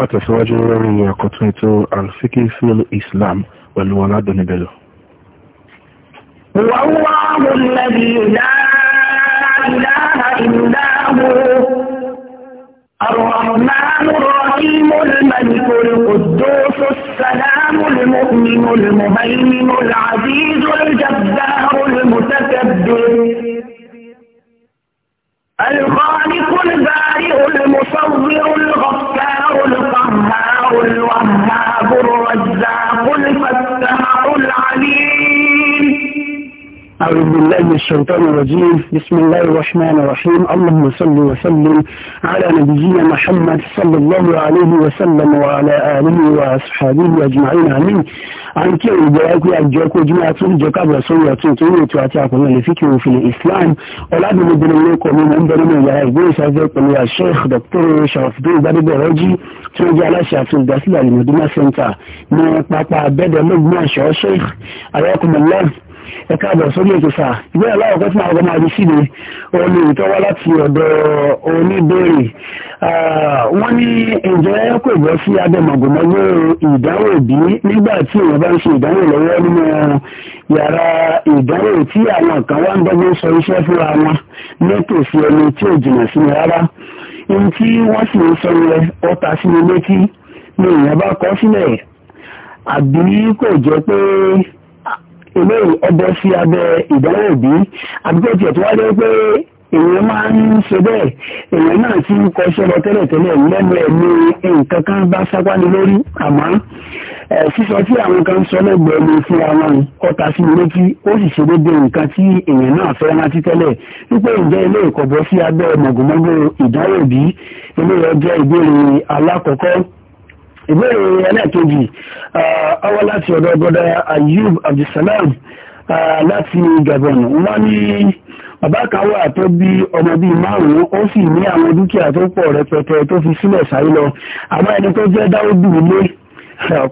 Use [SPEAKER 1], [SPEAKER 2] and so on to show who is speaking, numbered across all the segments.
[SPEAKER 1] máa tẹ̀síwájú lórí àkọ́tún ètò alfiki fil islam
[SPEAKER 2] pẹ̀lú ọládọ́nibẹ̀lọ. الرحمن الرحيم الملك القدوس السلام المؤمن المهيمن العزيز الجبار المتكبر الخالق الله الوهاب أعوذ بالله من الشيطان الرجيم بسم الله الرحمن الرحيم اللهم صل وسلم على نبينا محمد صلى الله عليه وسلم وعلى آله وأصحابه أجمعين آمين عن كي يبقى أجاك وجمع تنجك برسول وتنطين وتعتعك من الفكر في الإسلام ولا بمدن منكم من أنبر من يهجبون سأذكركم يا الشيخ دكتور شرف الدين بابي برجي تنجي على شعب الدسل المدينة سنتا من أطبع بدا مجمع شيخ عليكم الله ẹ káàbọ̀ sórí ètò sáà ìwé aláwọ̀kọ́ tí màá gọmọ àdìsí ni olè ìtọ́wá láti ọ̀dọ̀ oníbèrè ah, wọ́n ní ǹjẹ́ kò gbọ́ sí abẹ́mọ̀gòmọ́gbé ìdánwò bí nígbà tí èèyàn bá ń ṣe ìdánwò lọ́wọ́ nínú yàrá ìdánwò tí àwọn kan wá ń eléyìí ọbẹ̀ sí abẹ́ ìdánwò bí àbíkẹ́ tiẹ̀ tó wá jẹ́ pé èèyàn máa ń ṣe bẹ́ẹ̀ èèyàn náà ti ń kọṣẹ́ lọ tẹ́lẹ̀tẹ́lẹ̀ lẹ́nu ẹ̀ ní nǹkan kan bá sápáni lórí àmọ́ sísọ tí àwọn kan sọ lẹ́gbẹ̀ẹ́ ni fún àwọn ọta sí mi létí ó sì ṣe déédéé nǹkan tí èèyàn náà fẹ́ rántí tẹ́lẹ̀ wípé ǹjẹ́ ilé ìkọ̀bọ sí abẹ́ mọ̀gòmọ́gò ìdánwò bí eléyọ̀ jẹ́ ìbéèrè alákọ̀ọ́kọ́ ìbéèrè ẹlẹ́ẹ̀kejì ọwọ́ uh, láti ọ̀dọ̀ ọgọ́dá Ayub Abdulsalam uh, láti Gabon wọ́n ní bàbá kan wà tó bí ọmọ bíi márùn-ún ó sì ní àwọn dúkìá tó pọ̀ rẹpẹtẹ tó fi sílẹ̀ sáyé lọ àmọ́ ẹni tó jẹ́ dáwọ́dù ilé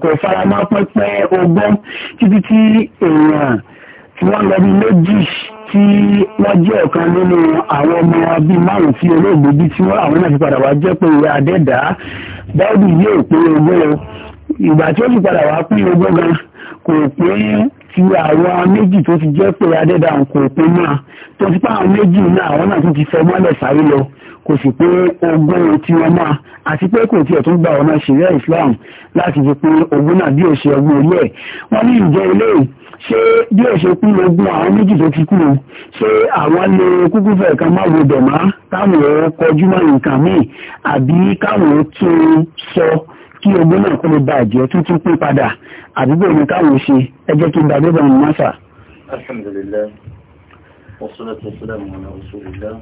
[SPEAKER 2] kò fara pẹ́pẹ́ ọgbọ́n títí tí èèyàn tí wọ́n lọ bí méjì tí wọ́n jẹ́ ọ̀kan nínú àwọn ọmọ bíi márùn-ún tí olóògbé bí tí àwọn náà fi padà wá jẹ́ pé ìwé adẹ́dá dáúdù yóò pé ogún o ìgbà tí ó fi padà wá pín ogún gan kò pín ti àwọn méjì tó ti jẹ́ pé adẹ́dà nǹkan òpin náà tó ti pa àwọn méjì náà àwọn náà tún ti fẹ́ mọ́lẹ̀ sáré lọ kò sì pé ogún tí wọ́n máa àti pé kò tiẹ̀ tún gba ọ̀nà ṣẹ̀ríà Islam láti fi pé ogún náà bí òṣè ọgbọ́n orí ẹ̀ wọ́n ní ìjẹ́ ilé ṣé bí òṣè kú ogún àwọn méjì tó ti kú o ṣé àwọn lè kúkú fẹ̀ kan má wo dẹ̀ má káwọn ò kọjú mọ́ nǹkan míì àbí káwọn ò tún sọ kí ogún náà kó lè bàjẹ́ tuntun pín padà àdúgbò ní káwọn ṣe ẹ jẹ́ kí gbàgbé bá wọn mọ́sà. alhamdulillah wassalatu wassalamu ala rasulillah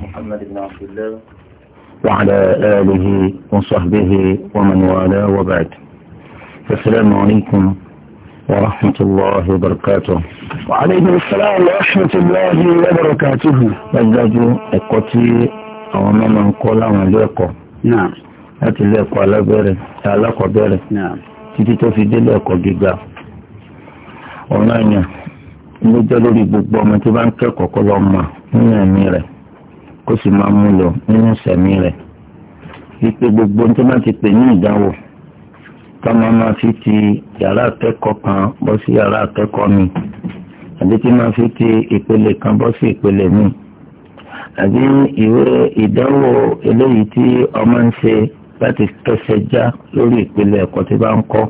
[SPEAKER 2] muhammad ibn abdullah. wa ala alihi wa sahbihi wa man wala wa ba'd. assalamu alaykum wa rahmatullahi wa barakatuh. wa alaykum assalam wa rahmatullahi wa barakatuh. dájúdájú ẹ̀kọ́ tí àwọn ọmọ máa ń kọ́ láti ilé ẹ̀kọ́ alábẹ́rẹ̀ alákọ̀ọ́bẹ̀rẹ̀ títí tó fi délé ẹ̀kọ́ gíga ọ̀nà àyàn ló jẹ́ lórí gbogbo ọmọ tó bá ń kẹ́kọ̀ọ́ kọ́ lọ mọ̀ nínú ẹ̀mí rẹ̀ kó sì máa mú lọ nínú sẹ̀mí rẹ̀ wípé gbogbo tó bá ti pè ní ìdánwò táwọn máa fi ti yàrá akẹ́kọ̀ọ́ kan bọ́ sí yàrá akẹ́kọ̀ọ́ mi àbí tí máa fi ti ìpele kan bọ́ sí ìpele mi àbí ìwé ìdánwò eléyìí tí ọmọ ń ṣe láti kẹsẹ̀ já lórí ìpele ẹ̀kọ́ tí bá ń kọ́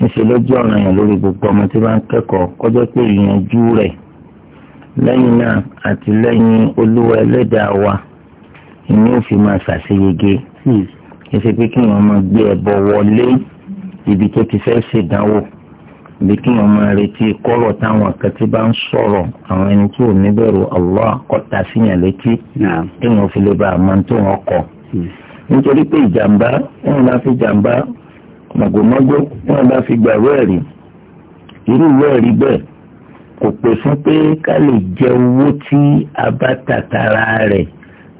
[SPEAKER 2] níṣẹ́ lójú ọ̀ràn yẹn lórí gbogbo ọmọ tí bá ń kẹ́kọ̀ọ́ kọjọ́ pé ìyànjú rẹ̀ lẹ́yìn náà àti lẹ́yìn olúwa ẹlẹ́dàá wa ìní òfin máa ṣàṣeyege ẹsẹ̀ hmm. pé kí wọ́n máa gbé ẹ̀bọ̀ wọlé ibi tó ti fẹ́ ṣèdánwò ibi kí wọ́n máa retí kọ́rọ̀ táwọn kan tí bá ń sọ̀rọ̀ àwọn ẹni tó ò níbẹ̀rù Allah kọ́ta síyàn létí kí fi lè bá àmọ́ tó wọn kọ̀. Hmm. nítorí pé ìjàmbá wọn bá fi jàmbá màgòmágó wọn bá fi gbà wẹ́ẹ̀rí irú wẹ́ẹ̀rí bẹ́ẹ̀ kò pè fún pé ká lè jẹ owó tí a bá tàtàrà rẹ̀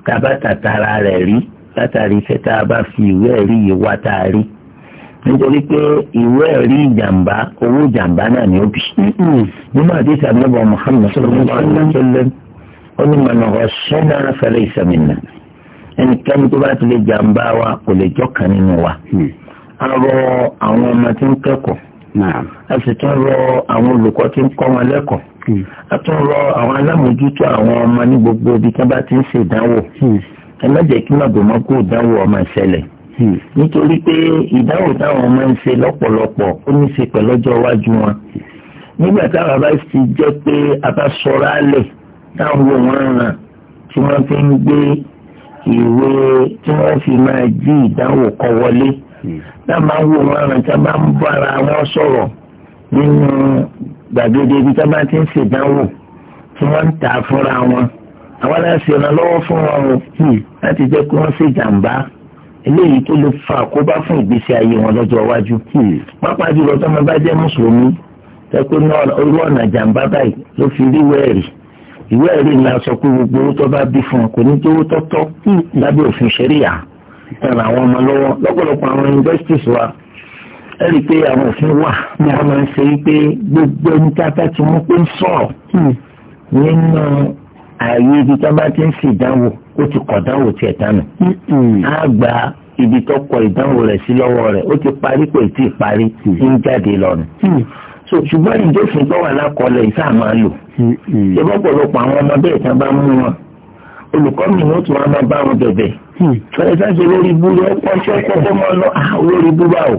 [SPEAKER 2] ká bá tàtàrà rẹ̀ rí látàrí iṣẹ́ tá a bá fi ìwé ẹ̀rí yìí wá tá a rí nítorí pé ìwé ẹ̀rí ìjàmbá owó ìjàmbá náà ni ó bì. nínú àdìsí àmì ọ̀bọ̀ Muhammad sallallahu alaihi wasallam ó ní mọ̀nà ọ̀ṣẹ́ náà fẹ́lẹ́ ìsẹ̀mìnà ẹnikẹ́ni tó bá ti lè jàǹbá wa kò lè jọ́kàn nínú wa. Hmm. a rọ àwọn ọmọ tí ń kẹ́kọ̀ọ́ a sì tún rọ àwọn olùkọ́ tí ń kọ́ wọn lẹ́kọ̀ọ́ hmm. a tún rọ àwọn alámòjútó àwọn ọmọ ní gbogbo ibi tí wọ́n bá ti ń ṣèdánwò hmm. ẹ má jẹ́ kí màbòmọ́ kó ìdánwò ọmọ ìṣẹ̀lẹ̀ nítorí pé ìdáwò táwọn ọmọ ń ṣe lọ́pọ̀lọpọ̀ ó ní í ṣe pẹ̀lú ọjọ́ iwájú wọn nígbà táwọn bá ti jẹ́ pé a bá sọ̀rọ̀ alẹ̀ táwọn wo wọn ràn tí wọ́n fi ń gbé ìwé tí wọ́n fi máa jí ìdánwò kọ wọlé dábàá wo wọn rìn tí a bá ń bọ́ ara wọn sọ̀rọ̀ nínú gbàgede ibi tí a bá ti ń ṣèdánwò tí wọ́n ń tà fúnra wọn àwọn aláṣẹ ìrànlọ́wọ́ fún wọn o hmm. láti jẹ́ kí wọ́n ṣe jàǹbá eléyìí tó lè fa àkóbá fún ìgbésí ayé wọn lọ́jọ́ iwájú. Hmm. pápá jùlọ tó bá jẹ́ mùsùlùmí tẹ́kọ̀ náà orí ọ̀nà jàǹbá báyìí ló fi rí wẹ́ẹ̀rì ìwé ẹ̀rí ni a sọ pé gbogbo owó tó bá bí fún ọ kò ní jówó tọ́tọ́ lábẹ́ òfin ṣẹ́ríyà ẹ̀rọ àwọn ọmọ lọ́wọ́ lọ́pọ̀lọpọ̀ àwọn universities wa ẹ rí i pé àwọn òfin wà ní a máa ń ṣe wípé gbogbo ẹni tá a bá ti mú pé ń sọ̀rọ̀ nínú ààyè ibi tá a bá ti ń sì dánwò ó ti kọ̀ dánwò tiẹ̀ dánù á gba ibi tó kọ ìdánwò rẹ̀ sí lọ́wọ́ rẹ̀ ó ti parí kò ì so ṣùgbọ́n ìjọsìn tó wà lákọọ́lẹ̀ ìsá máa lò hmm, hmm. ṣé bọ́pọ̀lọpọ̀ àwọn ọmọ bẹ́ẹ̀ tán bá mú wọn olùkọ́ mi ní ó tún wá máa bá wọn bẹ̀bẹ̀ fẹ́rẹ́ hmm. sáṣẹ lórí ibú lọ pọ́ṣẹ́ kọ́kọ́ mọ́ lọ ah, lórí ibú bá o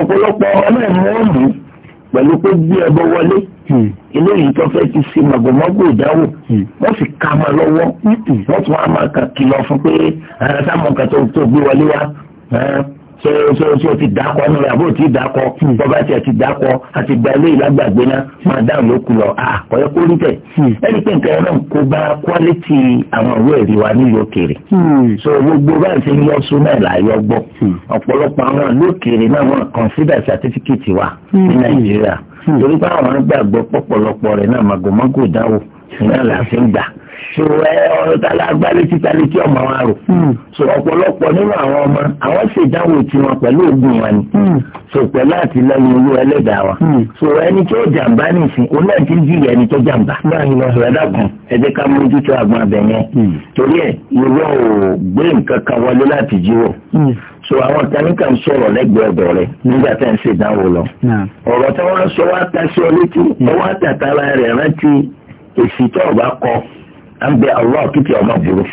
[SPEAKER 2] ọ̀pọ̀lọpọ̀ ọlọ́ọ̀mù wọn mú pẹ̀lú pé bí ẹbọ wọlé eléyìí tó fẹ́ ti ṣe màgòmágò ìdáwò wọ́n sì ka máa lọ́wọ́ wọ́n tún wá máa kìlọ̀ fún pé àwọn mọ̀ọ́kà tó gbé wọlé wá ṣe ṣe ṣe o ti dákọ ní ìyàbò ti dákọ bọba tí a ti dákọ a ti gba eléyìí lágbàgbé náà máa dáhùn ló kù lọ àkọyẹ kó rí bẹ hmm. ẹni pé nǹkan náà kó bá kwaliti àwọn ìwé ẹ̀rí wa nílùú òkèèrè hmm. so gbogbo bá ṣe ń yọ sún náà là yọ gbọ́ hmm. ọ̀pọ̀lọpọ̀ àwọn ìlú òkèèrè náà wọ́n kọnsídà sátífíkìtì wa ní nàìjíríà torí pé àwọn gbàgbọ́ pọ̀pọ̀lọpọ̀ rẹ̀ náà màgòmágò dáwò ìyá làásì so ẹ ọ̀rọ̀ tá la gbá létí ta létí ọmọ wa rò hmm. so ọ̀pọ̀lọpọ̀ nínú àwọn ọmọ àwọn ṣèdánwò tiwọn pẹ̀lú oògùn wa ni hmm. so pẹ̀lú àtìlẹ́yìn olú ẹlẹ́dàá wa hmm. so ẹni tó jàǹbá nìsín òun náà ti ń jìyà ẹni tó jàǹbá ìrẹ́dà kan ẹ jẹ́ ká mójútó àgbọn abẹ yẹn torí ẹ̀ ìwọ ò gbé nǹkan kan wọlé láti jíwọ̀ so àwọn kaníkà ń sọ̀rọ̀ lẹ́gbẹ̀ẹ́ ọ̀dọ̀ rẹ̀ nígbà tá à ń ṣèdánwò lọ ọ̀rọ̀ tí wọ́n sọ wá tasí ọ létí ọwọ́ àtàtàrà rẹ̀ rántí èsì tó ọ̀bá kọ à ń bẹ àwọn àkìtì ọmọ àbúrò.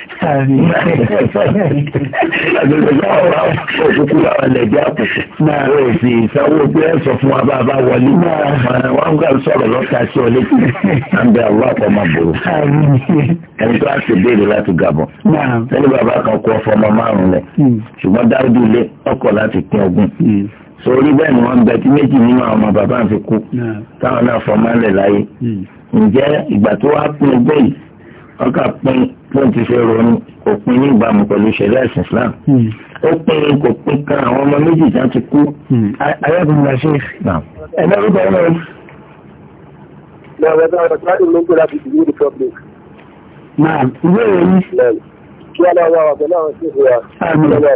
[SPEAKER 2] àgbẹ̀gbẹ̀gbẹ̀ ọ̀rọ̀ òkúkú làwọn ẹlẹ́jẹ̀ àkùkù. náà ó sì sanwó pé ẹ sọ fún wa bá a bá wọlé. náà wọn gbà sọ̀rọ̀ lọ́ta sí ọ létí. à ń bẹ àwọn àkọ́ ọmọ àbúrò. ẹni tó a ti béèrè láti Gabon. sẹ́ni bàbá kan kọ́ fọmọ márùn-ún rẹ̀ ṣùgbọ́n dáúdú ilé ọkọ̀ láti pín ogún sórí bẹ́ẹ̀ ni wọ́n ń bẹ tí méjì nínú àwọn ọmọ bàbá àfikún táwọn náà fọmọ́ ẹ̀ láyé ǹjẹ́ ìgbà tó wá pín ogún yìí ọkà pin tó ti ṣe ronú kò pin ní ìbámu pẹ̀lú ìṣẹ̀lẹ̀ ẹ̀sìn Islam hmm. ó pin kò pin kan àwọn ọmọ méjì tí wọ́n ti kú ayélujára máa ṣe é ẹ̀dá ló bẹ̀rẹ̀ lọ.
[SPEAKER 1] Máa ìbéèrè yín.
[SPEAKER 2] Kí aláwọ̀ àwọn ọ̀gbẹ́ náà ṣe é wá. Àmín. Àmín. Ìbéèrè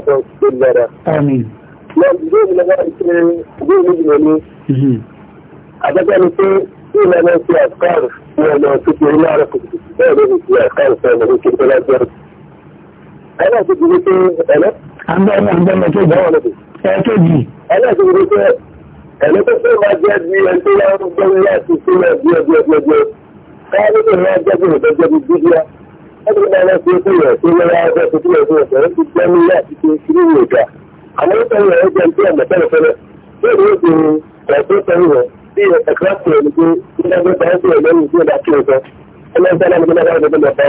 [SPEAKER 2] lọ́wọ́ ìṣe ìbéèrè méjì lónìí. Àjọ́jọ́ ni hmm. pé kí ìlànà ṣe àkọ́rù ní ọ̀nà òṣèlú orí láàárọ̀ kùtù bẹ́ẹ̀ ló ti fi ẹ̀ka ìfẹ́ lórí kí tó lọ́jọ́ rẹ̀. ẹlẹ́ẹ̀kejì ni pé ẹ̀lẹ́. àgbẹ̀mọ̀ àgbẹ̀mọ̀ kejì ẹ̀kejì. ẹlẹ́ẹ̀kejì ni pé ẹ̀lẹ́ tó fẹ́ máa jẹ́ bí ẹni tó wọ́n gbé láti sílẹ̀ bí ẹbí ẹbí ẹbí káwọn tó máa jẹ́ bí ẹlẹ́sẹ̀ náà nígbà wọn gbogbo ọ̀pọ̀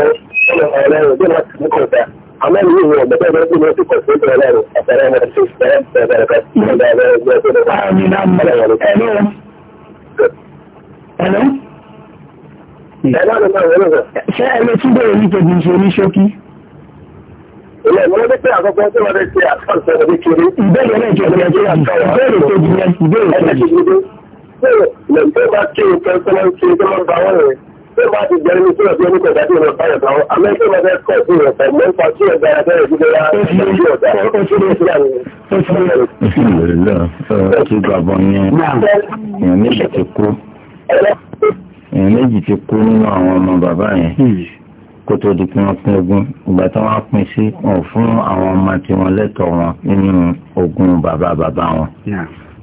[SPEAKER 2] ọ̀rọ̀ ọ̀rọ̀ ẹ̀rọ bí wọ́n ti kọ̀ ọ̀tà àmọ́ ìlú ìwé ọ̀gbẹ́tẹ̀ ẹ̀rọ tí wọ́n ti kọ̀ sí ìtọ́lẹ̀ ẹ̀rọ ọ̀pẹ̀rẹ̀ ẹ̀rọ tí ṣe ẹ̀rọ tí bẹ̀rẹ̀ ní tòbí ṣe ní ṣókí. Ilé ìwọ́n pé àkọ́kọ́
[SPEAKER 1] tí wọ́n ti ṣe àkọ́kọ́
[SPEAKER 2] ìṣẹ̀lẹ̀ bí kiri. Ìbéèrè náà jẹ́ ìbéèrè tó jìnnà ìbéèrè tó
[SPEAKER 1] jìnnà. Ìbéèrè tó bá kí nǹkan tó máa ń kí nǹkan máa ń bá wọ́n rẹ̀ tó bá ti jẹ́ ní tí ọ̀dọ́ nípa ìdájọ́ ìwọ̀n fáyọ̀ tán amẹ́ríkà máa fẹ́ kọ̀ sí ìwọ̀n pẹ̀lú nípa tí ọ̀dọ́ ẹgbẹ́rẹ́ ìdílé wa ní ọ̀dọ́ ìwọ̀n
[SPEAKER 2] tí gbàgbọ́ yẹn èèyàn méjì ti kú èèyàn méjì ti nínú àwọn ọmọ bàbá yẹn kó tó di pé wọ́n pín ogún ìgbà tí wọ́n pín sí wọn fún àwọn ọmọ tí wọ́n wọn nínú ogún bàbá bàbá wọn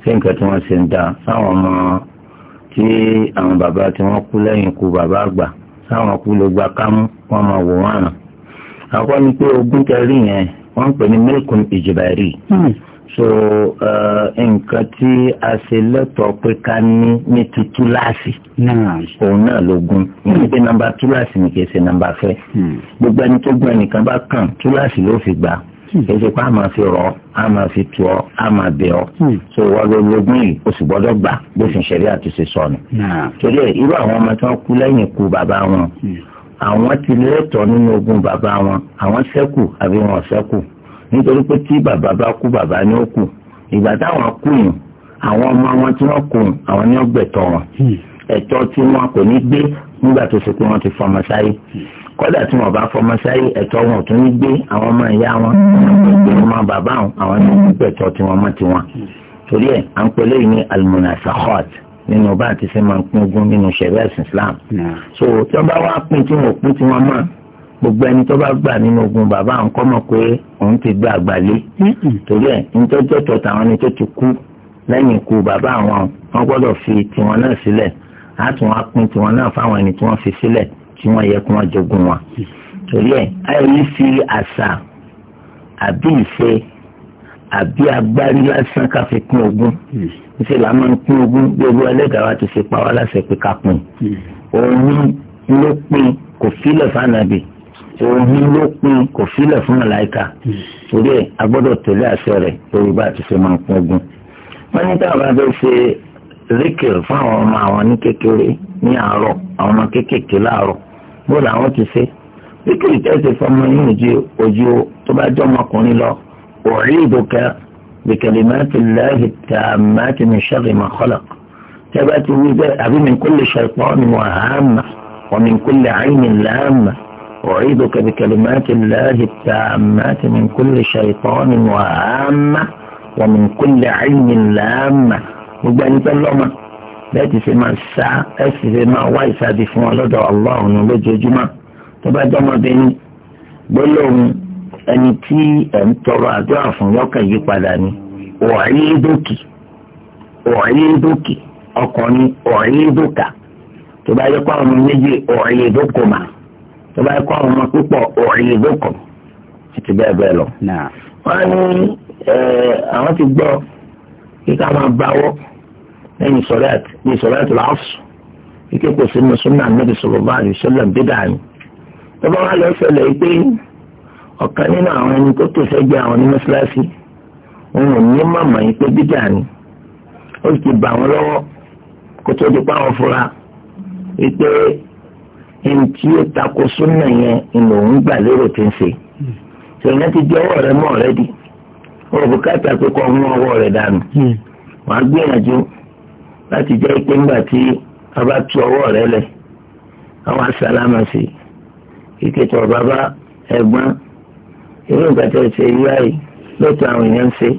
[SPEAKER 2] ṣé nǹkan tí wọ́n ṣe ń dá sáwọn ọmọ tí àwọn bàbá tí wọ́n kú lẹ́yìn ikú bàbá àgbà táwọn kú ló gba kámú wọ́n máa wò wọ́n àràn. àkọ́ ni pé ogún tẹ̀rí yẹn wọ́n ń pè ní mílíkùn ìjìbá rí so eh, nǹkan tí a ṣe lẹ́tọ̀ọ́ pé ká ní ní ti túláàsì òun náà lógún ní pé nọ́mbà túláàsì ni ṣe nọ́mbà fẹ́ hmm. gbogbo ẹni tó gbọ́ ẹnìkan bá kàn túláàsì ló fi gbà èsì pé a máa fi rọ a máa fi tu ọ a máa bẹ ọ hmm. so wọ́n ló yìí o sì gbọ́dọ̀ gbà bó sì ń ṣẹ̀rí àtúnṣe sọnù. torí ẹ irú àwọn ọmọ tí wọ́n kú lẹ́yìn ikú bàbá wọn hmm. àwọn ti lẹ́tọ̀ọ́ nínú ogún bàbá wọn àwọn ṣẹ́kù àbí wọn ṣẹ́kù nítorí pé tí bàbá bá kú bàbá ni ó kù ìgbà táwọn kú yìí àwọn ọmọ wọn tí wọ́n kù àwọn ni ó gbẹ̀tọ́ wọn hmm. ẹ̀tọ́ tí wọn kò ní gbé nígbà tó ṣe pé wọ́n ti fọmọ sáyé kódà tí wọ́n bá fọmọ sáyé ẹ̀tọ́ wọn tún ní gbé àwọn ọmọ ìyá wọn àwọn ọmọ bàbá wọn àwọn ní gbogbo ẹ̀tọ́ tiwọn mọ́ tiwọn torí ẹ̀ à ń pè lẹ́yìn ní almunasakhat nínú bá àti sẹ́ máa ń pín ogún nínú sẹ̀rẹ́ ẹ̀sìn Islam so tí wọ́n bá wá pín tí wọ́n pín tiwọn mọ́ gbogbo ẹni tó bá gbà nínú ogun bàbá àwọn kọ́ mọ̀ pé òun ti gba àgbàlé torí ẹ̀ nítọ́jọ́ tó tàwọn ẹni tó ti kú lẹ́yìn ikú bàbá àwọn wọn gbọ́dọ̀ fi tiwọn náà sílẹ̀ á pín tiwọn náà fáwọn ẹni tí wọ́n fi sílẹ̀ tí wọ́n yẹ kí wọ́n jogún wọn. torí ẹ̀ àìrí fi àṣà àbí ìṣe àbí agbárí lásán ká fi pín ogún ṣe là máa ń pín ogún bí ogún ẹlẹ́gàá wa ti ṣe pa wá láṣẹ pé ká pín òun ló pín kò fílẹ̀ fànàbì òun ló pín kò fílẹ̀ fún màláìka torí ẹ̀ a gbọ́dọ̀ tẹ̀lé àṣẹ rẹ̀ lórí bá a ti ṣe máa ń pín ogún. wọ́n ní táwọn bá ṣe rékè fún àwọn ọmọ àwọn ní kékeré ní àárọ̀ àwọn ọmọ kéékèèké láàárọ̀ bó làwọn ti ṣe bí wíkìlì tẹ́sí fọmọ yín ojú ojú o tó bá jọ ọmọkùnrin lọ òrí ìdókè bìkẹ́lì máa ti láàyè tá a máa ti ní sẹ́rì máa kọ́lọ̀ tẹ́ bá ti wí bẹ́ẹ̀ àbí mi kò lè ṣàìpọ̀ ni wọ́n á mà wọ́n mi kò lè àyìn ní láàmà òrí ìdókè bìkẹ́lì máa ti láàyè tá a máa ti ní kò lè ṣàìpọ̀ ni wọ́n á mà wọ́n mi kò lè àyìn ní won mi ko le la a ma gbogbo ẹni tẹ́ lọ́mọ bẹ́ẹ̀ ti ṣe máa ṣá ẹ sì ṣe máa wá ìsádi fún ọ lọ́dọ̀ ọlọ́run lójoojúmọ́ tó bá dọ́mọbìnrin gbólóhùn ẹni tí ẹ̀ ń tọrọ àdúrà fún lọ́kàn yí ni ọ̀ọ́yédókì ọ̀ọ́yédókì ọkùnrin ọ̀ọ́yédókà tó bá yẹ kó àwọn ọmọ méjì ọ̀ọ́yédókòmà tó bá yẹ kó àwọn ọmọ púpọ̀ lẹ́yìn sọ̀láàtì bíi sọ̀láàtì làásù ike kò sínú súnà níbi sọlọ́bà àdìsọ́lá bídà ni. tọ́ba wa lọ sọlẹ̀ pé ọ̀kan nínú àwọn ẹni tó tó fẹ́ gbé àwọn ní mọ́ṣáláṣí òun ò ní màmá yìí pé bídà ni ó sì ti bà wọ́n lọ́wọ́ kó tó di pa àwọn fúra wípé ẹni tí ó tako súnà yẹn ìlò òun gbà lérò tí ń ṣe ṣèyí ti di ọwọ́ rẹ mọ́ ọ̀rẹ́dì òbúkátà pé kọ́ ọmọ ọwọ́ rẹ dànù hmm. wàá gbìyànjú láti jẹ́ pé ńgbà tí a bá tu ọwọ́ rẹ lẹ̀ àwọn asálámà sí ìkẹtọ̀ bàbá ẹ̀gbọ́n irú nǹkan tó ṣe yí báyìí lóòótọ́ àwọn èèyàn ń ṣe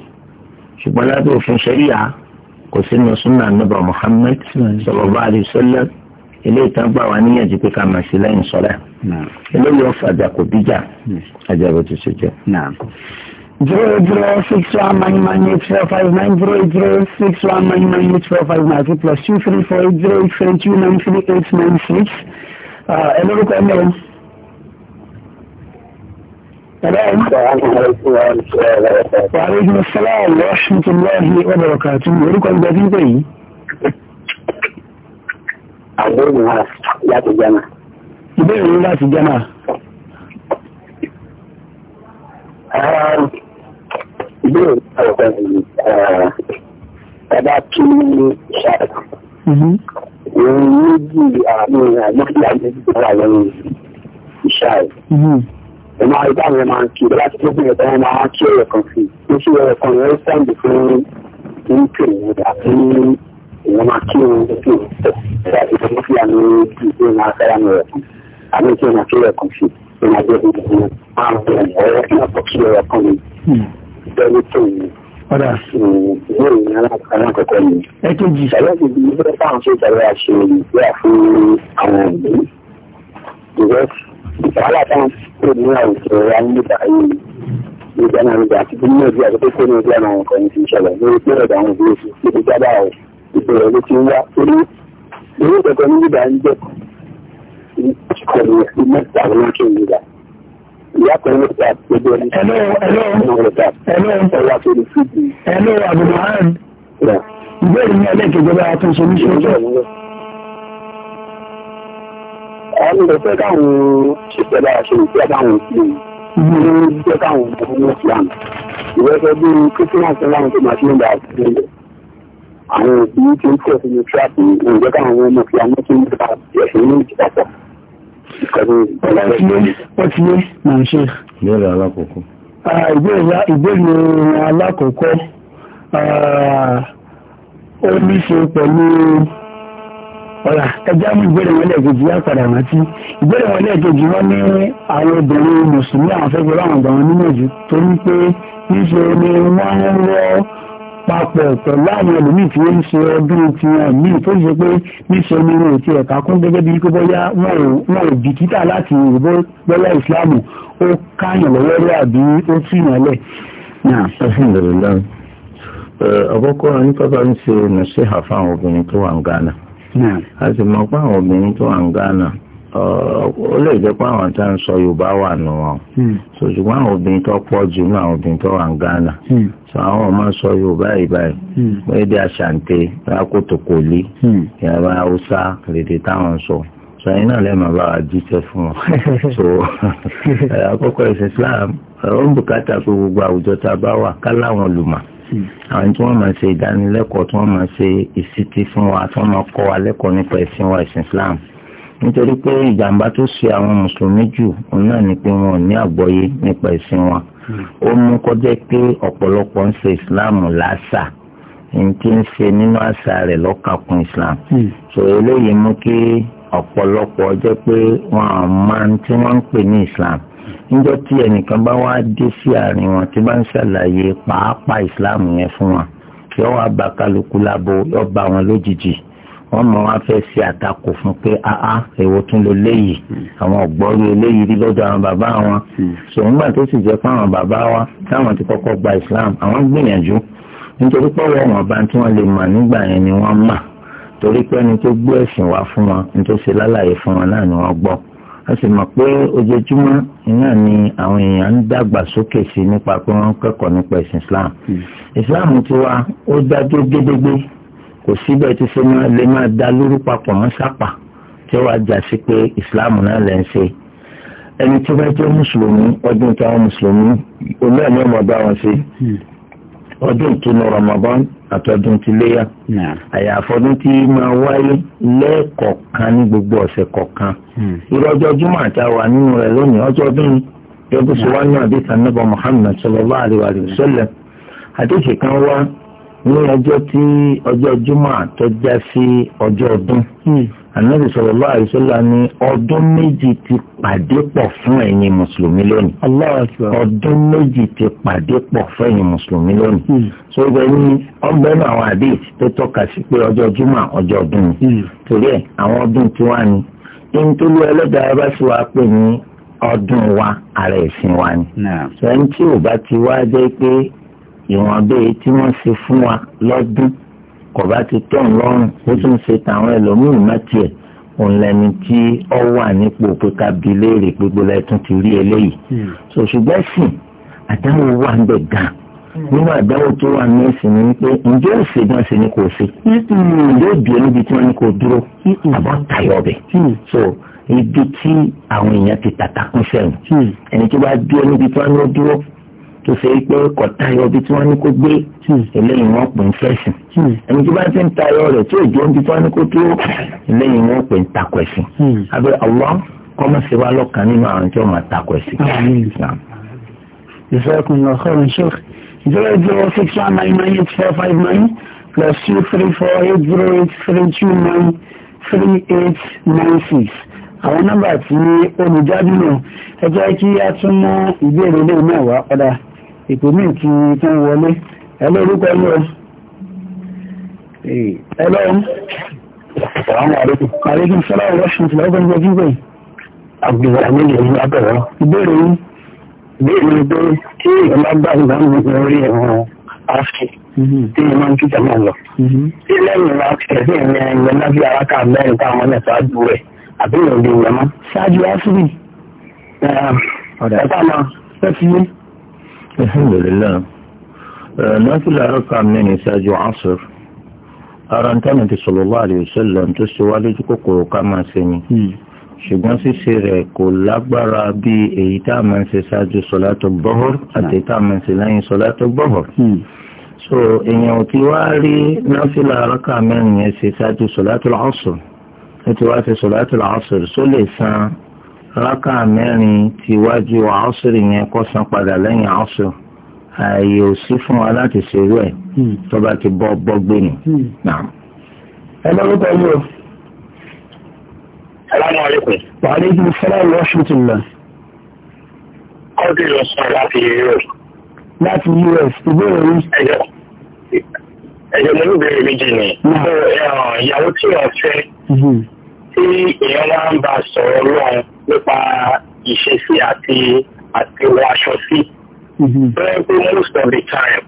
[SPEAKER 2] ṣùgbọ́n lábẹ́ òfin ṣẹ́ríyà kò sínú súnà nàbà Muhammad sallallahu alaihi wasallam ilé ìtàn gbà wá níyànjú pé ká máa ṣe lẹ́yìn sọ́lá eléyìí ọ̀fà àjà kò bíjà àjà bó ṣe jẹ́ zero zero six one nine nine eight four five nine zero eight zero six one nine nine eight four five nine plus two three four eight zero eight two nine three eight nine six ẹ lórúkọ ẹ mẹ́rin. Wàhálà sàlám wàhálà wàbàràkàtú orúkọ ń gbẹ́bí pé yìí. Àgbẹ̀rù wa láti Jẹ́mà. Ìbéèrè láti Jẹ́mà ìbéèrè ọ̀pẹ ẹ̀dá kí ṣáà òun méjì àwọn àgbọ̀kìlá méjì tó wà lẹ́yìn ìṣáà ọmọ àìbá yẹn máa ń kí ìbára tí ó gbìyànjú ọmọ máa kí ọ̀rọ̀ kan sí ó sì ọ̀rọ̀ kan yẹn sáǹdì fún ìpè àti ìwọ̀n máa kí òun sí láti ọmọ fi àmì ìgbé máa fẹ́ra mi rẹ̀ kan àmì ìgbé máa kí ọ̀rọ̀ kan sí ìrìnàjò ìgbìyànjú máa ń bẹ̀rẹ̀ ọ̀rọ̀ kan pọ̀ sí ọ̀rọ̀ kan yìí jẹ́ wípé ọ̀dà ìwé ìrìn alákọ̀ọ́kọ́ ni. ẹ̀kejì. ẹlẹ́kejì ní fẹ́ fáwọn ṣe ìtàlẹ́ àṣẹ ìgbéyà fún àwọn ìlú. ìgbẹ́ wàhálà táwọn tó ní àwùjọ wa nípa yìí ní ìdáná nígbà àti bí ní ìdí àti pé ní ìdí àwọn ọkọ̀ yìí ti ìyá kan ló ta gbogbo ẹni. ẹ̀lọ́ ẹ̀lọ́ ẹ̀lọ́ ọ̀wà tó lè fi. ẹ̀lọ́ abdulhahan ìbéèrè ní alẹ́ ìkẹjọba àtún solution jẹ́. àwọn ọmọ ìfẹ́ káwọn ṣiṣẹ́ dára ṣe ìfẹ́ káwọn ìfẹ́ ìlú ìfẹ́ káwọn ọmọ islam ìwé ẹgbẹ́ bí christian ṣe láwọn tó máa ṣe ń bá àti àwọn òbí tí ń tẹ̀sí ní tíráàpù ìjẹ́ káwọn ọmọ islam tó ń bá ẹ̀sìn ní ìtìpapọ̀. Wọ́n ti yé màá ń ṣe. Ìbéèrè alákọ̀ọ́kọ́. Ìbéèrè alákọ̀ọ́kọ́ ó ní ṣe pẹ̀lú ọ̀rà ẹjá mú ìbéèrè wọn lẹ́ẹ̀kejì yá padà rántí. Ìbéèrè wọn lẹ́ẹ̀kejì wọ́n ní àwọn obìnrin Mùsùlùmí àwọn fẹ́ gbọ́dọ̀ àwọn ọ̀gbọ̀n nínú ìjú torí pé níṣe ni wọ́n ń rọ́ papọ̀ pẹ̀lú àwọn ẹlòmíì tí wọ́n ń ṣe ọdún tí wọ́n míì tó ṣe pé níṣe ni wọn ò ti ẹ̀ka kún gẹ́gẹ́ bí bóyá wọn ò bìkítà láti ìbò bóyá ìsìláàmù ó káyàn lọ́wọ́ rẹ̀ àbí ó tì yàn lẹ̀. àkọ́kọ́ ní pápá ń ṣe nàṣẹ́hà fáwọn obìnrin tó wà ń Ghana a sì mọ̀ pé àwọn obìnrin tó wà ń Ghana ó lè jẹ́ pé àwọn tá à ń sọ yorùbá wà nù wọn hmm. so ṣùgbọ́n àwọn obìnrin tó pọ̀ jù ní àwọn obìnrin tó wà ní Ghana hmm. so àwọn ọmọ sọ yorùbá yìí báyìí hmm. wọ́n yé dé àṣàǹtẹ lákòtòkòlì yàrá haúsá lédè táwọn sọ sọyìn náà lẹ́ẹ̀mọ́ bá wa jíṣẹ́ fún wọn so àkọ́kọ́ ẹ̀sìn Islam ó ń bùkátà pé gbogbo àwùjọ tá a bá wà ká láwọn olùmọ̀ àwọn tí wọ́n máa ṣe ìdánilẹ́kọ̀ọ́ tí wọ́n máa ṣe ìsítí fún wa tí wọ́n máa kọ́ wa lẹ́kọ̀ọ́ nípa ẹ̀sìn wa ẹ̀sìn Islam nítorí pé ìjàmbá tó ṣe àwọn mùsùlùmí jù òun náà ni pé wọn ò ní àgbọ́yé nípa ìsìn wọn hmm. ó mú kọjá pé ọ̀pọ̀lọpọ̀ ń ṣe ìsìláàmù lásà ní tí ń ṣe nínú àṣà rẹ̀ lọ́kàkún ìsìláàmù hmm. so eléyìí mú kí ọ̀pọ̀lọpọ̀ jẹ́ pé wọn à máa ń tí wọ́n ń pè ní ìsìláàmù níjọ́ tí ẹnìkan bá wá dé sí àárín wọn tí bá ń ṣàlàyé pàápàá ìsìláàmù yẹn fún wọn kí wọ́n wá bá kálukú lábo yọ wọn lójijì wọ́n mọ̀ wá fẹ́ ṣe àtakò fún pé áá èwo tún ló léyìí àwọn ọ̀gbọ́rú eléyìí rí lọ́dọ̀ àwọn bàbá wọn ṣòwúngbà tó sì jẹ́ fáwọn bàbá wa táwọn ti kọ́kọ́ gba Islam àwọn gbìyànjú nítorí pé wọ́n wọn bá tí wọ́n lè mọ̀ nígbà yẹn ni wọ́n mà torí pé ẹni tó gbé ẹ̀sìn wá fún wọn ní tó ṣe lálàyé fún wọn náà ni wọ́n gbọ́ a sì mọ̀ pé ojoojúmọ́ iná ni àwọn èèyàn ń dàgbà sókè sí nípa pé wọ́n kẹ́kọ̀ọ́ nípa ẹ̀sìn Islam Islam tiwa ó dájú gédégbé kò síbẹ̀ tí ṣe máa lè máa da lórí papọ̀ mọ́ sápà tí wàá jà sí pé islam náà lẹ́ ń ṣe ẹni tí wọ́n jẹ́ mùsùlùmí ọdún táwọn mùsùlùmí olóyè ni ọmọ bá wọn ṣe hmm. ọdún ìtúnu Ramadan àtọdún ti léyà máa wáyé ní gbogbo ọ̀sẹ̀ hmm. júmọ̀ àtàwà nínú rẹ̀ lónìí ọjọ́ ọdún wa ní ọjọ́ tí ọjọ́ jùmọ̀ tó já sí ọjọ́ ọdún hmm. ànábì sallallahu alaihi wasallam ọdún méjì ti pàdé pọ̀ fún ẹ̀yin mùsùlùmí lónìí ọdún méjì ti pàdé pọ̀ fún ẹ̀yin mùsùlùmí lónìí sọgbẹ́ ní ọgbẹ́nu àwọn àdéhìí tó tọ́ka sí pé ọjọ́ jùmọ̀ ọjọ́ ọdún ni hmm. torí ẹ̀ àwọn ọdún tí wá ni nítorí ẹlẹ́dàá bá sì wá pè ní ọdún wa ara ẹ̀sìn wa ni sọ ẹni tí ò bá ti wá jẹ́ pé ìwọ̀n bẹ́ẹ̀ tí wọ́n ṣe fún wa lọ́dún kò bá ti tọ̀ lọ́rùn ó tún ṣe tàwọn ẹlòmíì má tiẹ̀ òun lẹni tí ọ wà nípò pé ká bi léèrè gbogbo lẹ́tún ti rí eléyìí hmm. so ṣùgbọ́n sì àdáwò wà ń bẹ̀ gan hmm. nínú àdáwò tó wà ní ẹ̀sìn ni pé ǹjẹ́ òsè náà ṣe ni kò ṣe hmm. ǹjẹ́ òdìẹ níbi tí wọ́n ní kò dúró àbọ̀ tayọ̀ bẹ̀ so ibi tí àwọn èèyàn ti tàkà kún sẹ́yìn ẹni tó bá dúró níbi tí wọ́n ní ó dúró tó ṣe pé kò tayọ bí tí wọ́n ní kó gbé eléyìí wọ́n pè ń fẹ̀sìn ẹni tí bá ti ń tayọ rẹ̀ tí òjò ń bí tí wọ́n ní kó tó eléyìí wọ́n pè ń takò ẹ̀sìn abẹ́ ọ̀wọ́ kọ́mọ̀sí wa lọ́kàn nínú àwọn tí wọ́n máa takò ẹ̀sìn. ìfẹ́kùnlọ ọ̀hún ṣọ́ọ̀kì zero zero six one nine nine eight four five nine plus two three four eight zero eight three two nine three eight nine six àwọn nọ́mbà tí olùjáde náà ẹ jẹ́ kí a tún mọ ìbéèrè ilé náà wá padà ètò míì tí tó ń wọlé ẹlórúkọ ní ọ ẹlọ́run àwọn àrékù àrékù sọ́láwọ̀ rọ́ṣùn tí lọ́gbọ́n jẹ́ jíjẹ́ àgbègbè àmìlẹ̀ yìí abẹ̀rọ ìbéèrè yìí ìbéèrè ni pé tí èèyàn bá gbà nígbà nígbà orí ẹ̀wọ̀n áfì tí èèyàn máa ń kíjà máa lọ tí mhm. lẹ́yìn náà ti ẹ̀sìn ìrìn ẹ̀yẹ lábí aráka mẹ́rin táwọn náà ṣáájú rẹ̀ àbí ìrìn ìyẹn الحمد لله eh, raka mẹ́rin من asr ara ntana ti sallallahu alayhi wa sallam tó ṣe wá lójú kòkòrò ká máa ṣe ni hmm. ṣùgbọ́n ṣíṣe rẹ̀ kò lágbára bí èyí tá a máa ń ṣe ṣáájú sọ̀látò bọ́hùr àti tá a máa ń ṣe lẹ́yìn sọ̀látò bọ́hùr. Hmm. so èèyàn ò ti wá rí nafila raka mẹ́rin yẹn ṣe ṣáájú sọ̀látò lọ́sùn ó ti wá ṣe sọ̀látò lọ́sùn só lè san rákà mẹ́rin ti wájú àọ́sìrì yẹn kó san padà lẹ́yìn àọ́sìrì ààyè ò sí fún wa láti ṣerú ẹ̀ hmm. tó bá ti bọ́ bọ́gbé ni. Hmm. ẹ lọ́wọ́ pẹ̀lú o. salaamaleykum. waaleykum salaam wa rahmatulah. kọ́ńtì ló sọ láti us. láti us ìbéèrè mi. ẹ̀jọ̀ ẹ̀jọ̀ mo ní ìbéèrè méjì ni. ìyàwó tí wọ́n fẹ́. Hmm tí èèyàn wá ń bá sọ̀rọ̀ ọlọ́run nípa ìṣesí àti àti wọ aṣọ sí. Mm-hmm. bẹ́ẹ̀ pé most of the time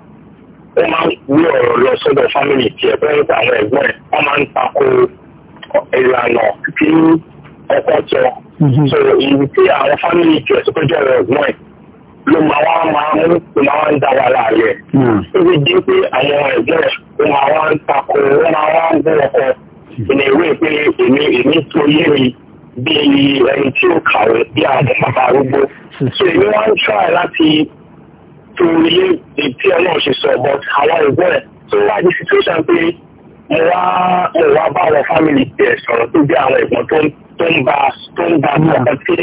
[SPEAKER 2] ó máa ń gbé ọ̀rọ̀ lọ sọ́dọ̀ family tiẹ̀ bẹ́ẹ̀ pé àwọn ẹ̀gbọ́n ẹ̀ wọ́n máa ń tako ìlànà tí ọkọ tọ. Mm-hmm. so ibi tí àwọn family tiẹ̀ tó kọjá ọ̀rọ̀ ẹ̀gbọ́n ẹ̀ ló máa wá máa mú ló máa wá ń dá wa láàyè. Mm. ó fi dín pé àwọn ẹ̀gbọ́n ẹ̀ ló máa wá ń tako ó máa wá ń bú ọkọ ìní ìwé pé èmi èmi tó yé mi bí ẹni tí ó kàwé bí àwọn bàbá arúgbó so èmi wá ń try láti tó ilé tí ọlọ́run ṣe sọ but àwọn ìgbọ́n ẹ̀ tó wá di situation pé mo wá mo wá bá àwọn family tiẹ̀ sọ̀rọ̀ tó bí àwọn ìgbọ́n tó ń tó ń ba tó ń ba bí ọ̀gá tí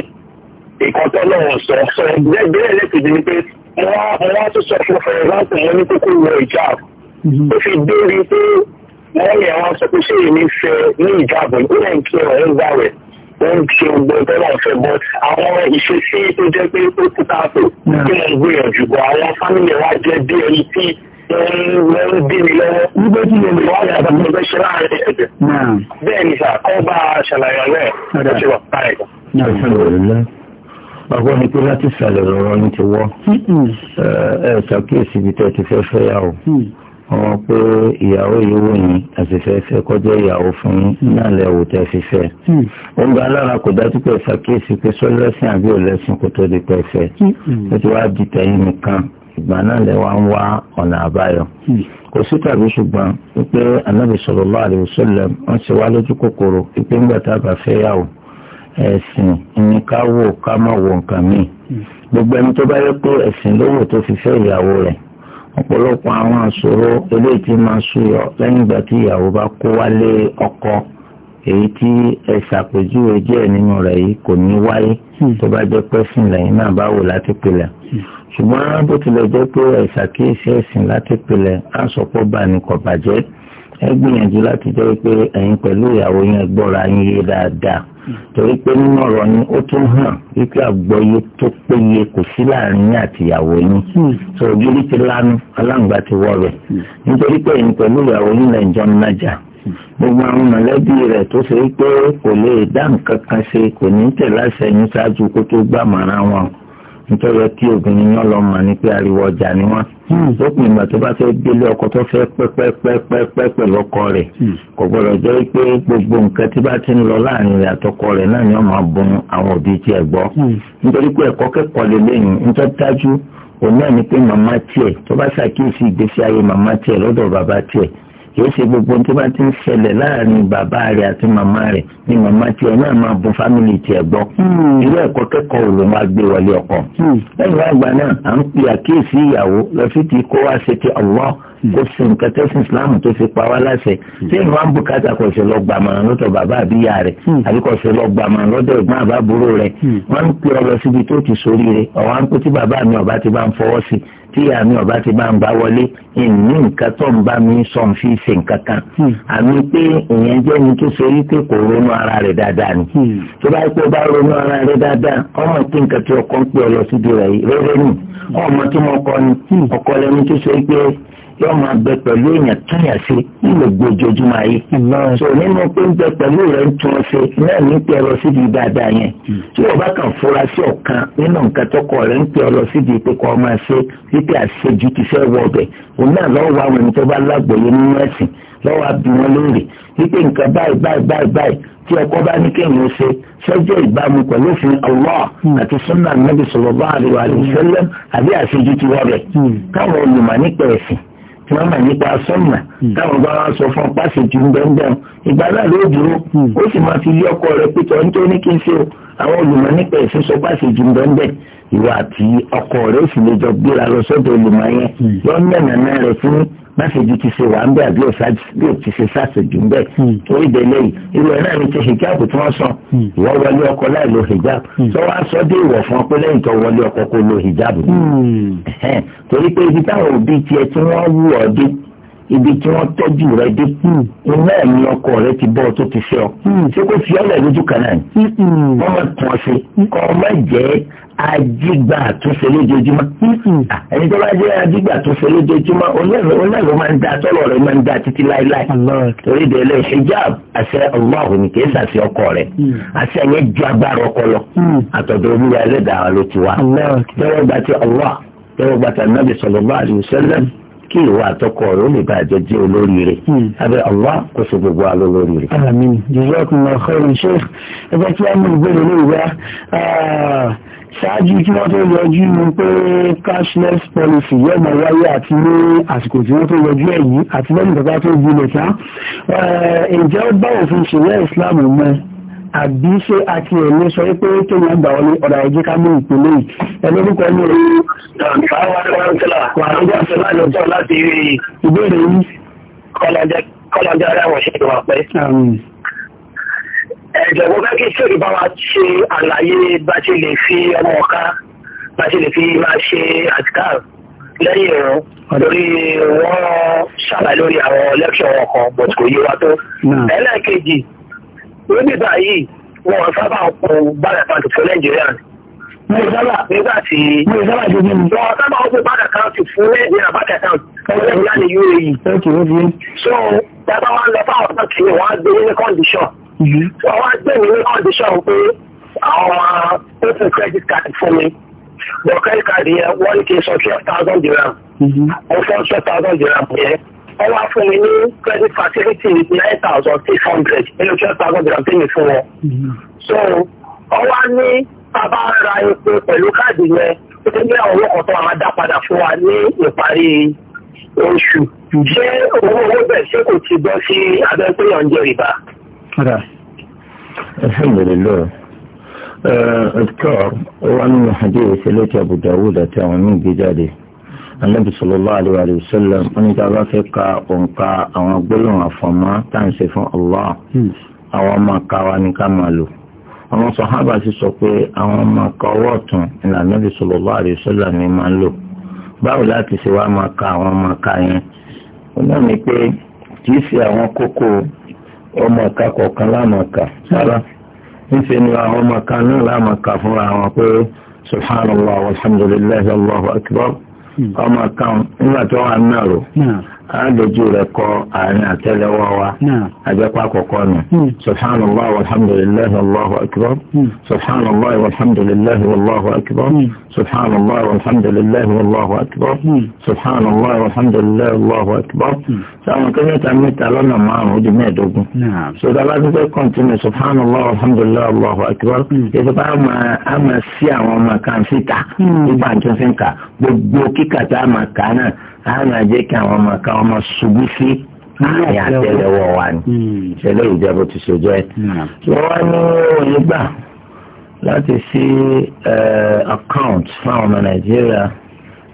[SPEAKER 2] ìkan tó lọ́wọ́ sọ sọ ìgbẹ́gbẹ́ lẹ́kẹ̀dẹ̀ ni pé mo wá mo wá tó sọ fún for example mo ní kókó ìwọ ìjà mm-hmm. ó fi dé rí pé lẹ́yìn ẹ̀ wọ́n sọ pé ṣé èmi fẹ́ ní ìjáàbò ó lẹ́yìn kí ọ̀rẹ́ ń gbà rẹ̀ wọ́n ń ṣe gbogbo ẹgbẹ́ náà fẹ́ bọ́ àwọn ìṣesí tó jẹ́ pé ó kú káàtó tí wọ́n ń gbìyànjú bọ̀ àwọn fámìlì wa jẹ́ bí ẹni tí wọ́n ń dé mi lọ́wọ́ nígbà tí mo lè wá ní àbámu ẹgbẹ́ ṣe láàrin ẹ̀jẹ̀ bẹ́ẹ̀ ni sà kọ́ bá ṣàlàyé ọ̀rẹ́ ẹ̀ ṣe wà báyìí. Ọgbọ́n ni pé láti ṣàlẹ̀ ọ̀rọ̀ ni ti wọ́. Ẹ ṣàkíyèsí ibi tẹ́ ti fẹ́ fẹ́ yà o. Mm wọn pé ìyàwó ìyówó yìí àṣìfẹ́fẹ́ kọjá ìyàwó fún yín náà lẹ́wọ̀ tẹ́ fi fẹ́. Hmm. ó ń gba alára kò dájú pé ìfàkíyèsí pé sọ́lẹ́sìn àbí òlẹ́sìn kò tó di pẹ́ hmm. ó ti wá di tẹ̀yìn nìkan ìgbà náà lẹ́wọ̀ ń wá ọ̀nà àbáyọ. Hmm. kò sí tàbí ṣùgbọ́n wípé anábì sallallahu alaihi wasallam wọ́n ti wá lójú kòkòrò wípé ńgbà tá a bá fẹ́ yàwó ẹ̀sìn ni ká wò ká má wo nǹkan míì. gbogbo ẹni tó bá yẹ pé ẹ̀sìn ló wò tó fi fẹ́ ìyàwó rẹ̀ ọ̀pọ̀lọpọ̀ àwọn àṣòro eléyìí tí máa ṣúyọ lẹ́yìn ìgbà tí ìyàwó bá kó wálé ọkọ èyí tí ẹ ṣàpèjúwe díẹ̀ nínú rẹ̀ yìí kò ní wáyé hmm. tó bá jẹ́ pé ẹ̀sìn lẹ́yìn náà bá wò láti pilẹ̀ hmm. ṣùgbọ́n bó tilẹ̀ jẹ́ pé ẹ ṣàkíyèsí ẹ̀sìn láti pilẹ̀ á sọ pé bá ní kò bàjẹ́ ẹ gbìyànjú láti jẹ́ pé ẹ̀yin pẹ̀lú ìyàwó yẹn gbọ́ra yín yé dáadáa torí pé nínú ọ̀rọ̀ yín ó tún hàn wípé àgbọ́yé tó péye kò sí láàrin yín àtìyàwó yín tó hmm. ògiri ti lanu aláǹgbá ti wọ̀ rẹ̀ hmm. nítorí pé èyí pẹ̀lú ìyàwó yín lẹ́jọ́ ń nájà hmm. gbogbo àwọn mọ̀lẹ́bí rẹ̀ tó ṣe kò lè dá nǹkan kan kò ní tẹ̀ láṣẹ yín ṣáájú kó tó nítorí ẹ kí obìnrin yẹn lọ mọ̀ ní pé ariwo ọjà ni wọ́n hmm. lópin ìgbà tó bá fẹ́ délé ọkọ tó fẹ́ pẹ́pẹ́pẹ́pẹ́ pẹ̀lú ọkọ rẹ̀ hmm. kò gbọdọ̀ jẹ́ pé gbogbo nǹkan tí bá ti ń lọ láàrin rẹ̀ àtọkọ rẹ̀ náà ni wọ́n máa bun àwọn òbí tiẹ̀ gbọ́ hmm. nítorí pé ẹ̀kọ́ kẹ́kọ̀ọ́ lè lẹ́yìn nítorí dájú òun náà ni pé màmá tiẹ̀ tó bá ṣàkíyèsí ìgbésí ayé màmá tiẹ̀ lọ́dọ̀ bàbá tiẹ̀ kì í ṣe gbogbo tó bá ti ń ṣẹlẹ̀ láàrin bàbá rẹ̀ àti màmá rẹ̀ ni màmá tiẹ̀ náà máa bu fámìlì tiẹ̀ gbọ́ hmm. irú ẹ̀kọ́ kẹ́kọ̀ọ́ ló máa gbé wọlé ọkọ. Hmm. lẹ́yìn wá náà à ń pe àkíyèsí ìyàwó lọ sí ti kó wá ṣe ti Allah hmm. kó sì ń kẹtẹ́ sí Islam tó fi pa wá láṣẹ tí ìlú wa ń bùkátà kò ṣe lọ gbà màrán lọ́tọ̀ bàbá àbíyá rẹ̀ àbí kò ṣe lọ gbà màrán lọ́dọ̀ ẹ̀gbọ́n àbábúrò rẹ̀ wọ́n ń pe ọ lọ síbi tó ti sóríire ọ̀wá ń kó tí bàbá mi ọ̀bá ti bá ń fọwọ́ sí i tí àmì ọba ti bá ń bá wọlé ìní nǹkan tó ń bá mi sọ ń fi ṣe nǹkan kan hmm. àmì pé ìyẹn jẹ́ ni tó ṣe rí pé kò ronú ara rẹ̀ dáadáa ni hmm. tó bá pé bá ronú ara rẹ̀ dáadáa ọmọ tí nǹkan tí ọkọ ń pè ọ lọ síbi rẹ̀ rẹ́rẹ́ nì hmm. ọmọ tí mo kọ ni ọkọ lẹni tó ṣe pé yóò máa bẹ pẹ̀lú èèyàn kíyàn sí nílò gbojoojúmọ́ ayé. so nínú pé ń bẹ pẹ̀lú rẹ̀ ń tún ṣe náà ní pẹ́ ọ síbi dáadáa yẹn. Hmm. tí o bá kàn fura sí ọ̀kan nínú nǹkan tọkọ rẹ̀ ń pẹ́ ọ síbi pé kọ́ máa ṣe wípé àṣejù ti fẹ́ wọ ọbẹ̀ òun náà lọ́wọ́ wa wọn tó bá lágbòye nínú ẹ̀sìn lọ́wọ́ àbí wọn lóore wípé nǹkan báyìí báyìí báyìí tí ọkọ bá ní kéèyàn ṣe sọjọ ìbámu pẹ̀lú òfin Allah hmm. àti sunnah nabi sallallahu alaihi wa sallam àbí àṣejù ti wọ ọbẹ̀ hmm. káwọn olùmọ̀ nípa ẹ̀sìn tí wọ́n mọ̀ nípa sọ́nà hmm. táwọn bá wá sọ fún pàṣẹ ju gbẹ̀ngbẹ̀n ìgbà náà ló dúró hmm. ó sì máa fi lé ọkọ rẹ pété ọ̀hún tó ní kí n ṣe o àwọn olùmọ̀ nípa ẹ̀sìn sọ pàṣẹ ju gbẹ̀ngbẹ̀n ìwà àti ọkọ rẹ sì lè jọ gbéra lọ sọ́dọ̀ olùmọ̀ yẹn lọ́nà hmm. nàná rẹ fún mẹ́sàgì ti ṣe wà ń bẹ́ àbí ò ti ṣe sàṣèjì ń bẹ́ hmm. torí bẹ́lẹ̀ yìí irú ẹ̀ náà ni ti hijab tí wọ́n sàn hmm. ìwọ wọlé ọkọ láì lo hijab hmm. sọ wá sọ dé ìwọ̀ fún ọ pé lẹ́yìn tó wọlé ọkọ kó lo hijab torí pé ibi táwọn òbí tiẹ̀ tí wọ́n wù ọ́ dé ibi tí wọ́n tọ́jú rẹ dé hmm. iná ẹ̀mí ọkọ rẹ ti bọ́ tó ti fẹ́ ọ hmm. ṣé kó fi ọlẹ̀ lójú kan náà ni hmm. wọ́n máa tàn ṣe kọ́ ọ má jẹ́ ajígbà àtúnṣe lójoojúmọ́ ẹni tó bá jẹ́ ajígbà àtúnṣe lójoojúmọ́ onílẹ̀ máa ń da tọ́lọ̀ rẹ máa ń da títí láéláé torí ìdẹ́lẹ̀ hijab àṣẹ ọlọ́hùn ní kì í ṣàṣẹ ọkọ rẹ àṣẹ yẹn ju agbára ọkọ lọ àtọ̀dọ̀ olúwa ẹlẹ́dàá ló ti wá tẹ́wọ́ gbà tí tẹ́wọ́ gbà anábì sallallahu alaihi wasallam kí ìwà àtọkọ rẹ ó lè bá àjọ jẹ olóríire hmm. abẹ Allah kó so gbogbo wa lólóríire. àmín jazakumullahu khairan sheikh ẹ jẹ́ kí á mú ìbéèrè ní ìwé ah, ṣáájú kí wọ́n tó yọjú pé cashless policy yóò máa wáyé àti ní àsìkò tí wọ́n tó yọjú ẹ̀ yìí àti lẹ́yìn tó bá tó gbilẹ̀ tán ah, ǹjẹ́ ó bá òfin ṣẹ̀ríà Islam mọ́ àbí ṣé àti ẹ̀mí sọ pé kí ni àgbà wọlé ọ̀dà ẹ̀jẹ̀ ká mú ìpínlẹ̀ yìí ẹni orúkọ ẹni rẹ̀. àwọn akẹ́kọ̀ọ́ wà lójú àti láàlọ́jọ́ láti rí ìbéèrè yìí kọ́lájá ara wọn ṣe wà pẹ́. ẹ̀jẹ̀ mo fẹ́ kí sórí bá wa ṣe àlàyé bá ṣe lè fi ọmọ ọ̀ká bá ṣe lè fi máa ṣe àtìkáà lẹ́yìn ìrún lórí wọ́n ṣàlàyé lórí àwọn lẹ́kṣọ̀ wọn kan bọ̀t onígbà yìí wọn sábà kó bàdà kan tuntun nàìjíríà mi sábà nígbà tí mi sábà ti bí mi. wọn sábà kó bàdà kan ti fún nàìjíríà bàdà kan ọjọ́ ìyá ni
[SPEAKER 1] UAE.
[SPEAKER 2] so dábà wá lọ fáwọn ọ̀sán kìíní wọn á gbé ní kọ́ndíṣọ̀n. wọn á gbé mi ní kọ́ndíṣọ̀n pé àwọn open credit card fún mi bọ̀ credit card yẹn wọ́n ní kí n sọ twelve thousand dirham. Mhm. mo fọ́ twelve thousand dirham yẹn ọ wá fún mi ní credit facility with nine thousand six hundred nínú twelve thousand grand pay me fún
[SPEAKER 1] wọn.
[SPEAKER 2] so ọ wá ní bàbá ra epo pẹ̀lú káàdì yẹn ó ti ní àwọn owó kan tó máa dá padà fún wa ní ìparí oṣù. ṣé owó owó bẹ̀ ṣé kò ti bọ́ sí abẹ́ pé yàn ń jẹ rìbá. alhamdulilayi. اذكار وأن حديث لك أبو داود تعمل من بجاده anabi sallallahu alayhi wa sallam wọn ní tàbá fẹ́ ka òǹkà àwọn gbólóhùn àfọ̀mọ́ tá à ń ṣe fún Allah hmm. àwọn ọmọ ká wa ní ká máa lò àwọn sọ̀hábà sì sọ pé àwọn ọmọ ká ọwọ́ ọ̀tún ní anabi sallallahu alayhi wa sallam ní máa ń lò báwo láti ṣe wá máa ka àwọn ọmọ ká yẹn wọn náà ní pé kì í ṣe àwọn kókó ọmọ ká kọ̀ọ̀kan láàmọ̀ ká sára níṣẹ́ ni àwọn ọmọ ká náà láàmọ̀ ká fúnra wọn pé subhanallah walhamdulillah allahu akbar. Hmm. ọmọ kan nígbà tó wà ń nàró àádójú rẹ̀ kọ àárín àtẹ́lẹwọ́ wa àjẹpá kọ̀kọ́ nù hmm. subhanallah walhamdulillahi wallahu akbar hmm. subhanallah walhamdulillahi wallahu akbar hmm. subhanallah walhamdulillahi wallahu akbar subhanallah walhamdulillahi wallahu akbar sáwọn kẹ́mẹ́ta mẹ́ta lọ́nà márùn-ún ojú mẹ́ẹ̀ẹ́dógún sọdọ́ alágbègbè kọ́ntínú subhanallah walhamdulillahi wallahu akbar ìfipá a máa sí àwọn ọmọ kan síta nígbà tó fi ń kà gbogbo kíkà tá a máa kà náà á máa jẹ́ kí àwọn ọmọ kan ọmọ ṣubú sí àyà àtẹ́lẹwọ́ wa ni hmm. ìṣẹ̀lẹ̀ ìjọba ti ṣe jẹ tí hmm. ní òye gbà láti ṣí account fáwọn ọmọ nàìjíríà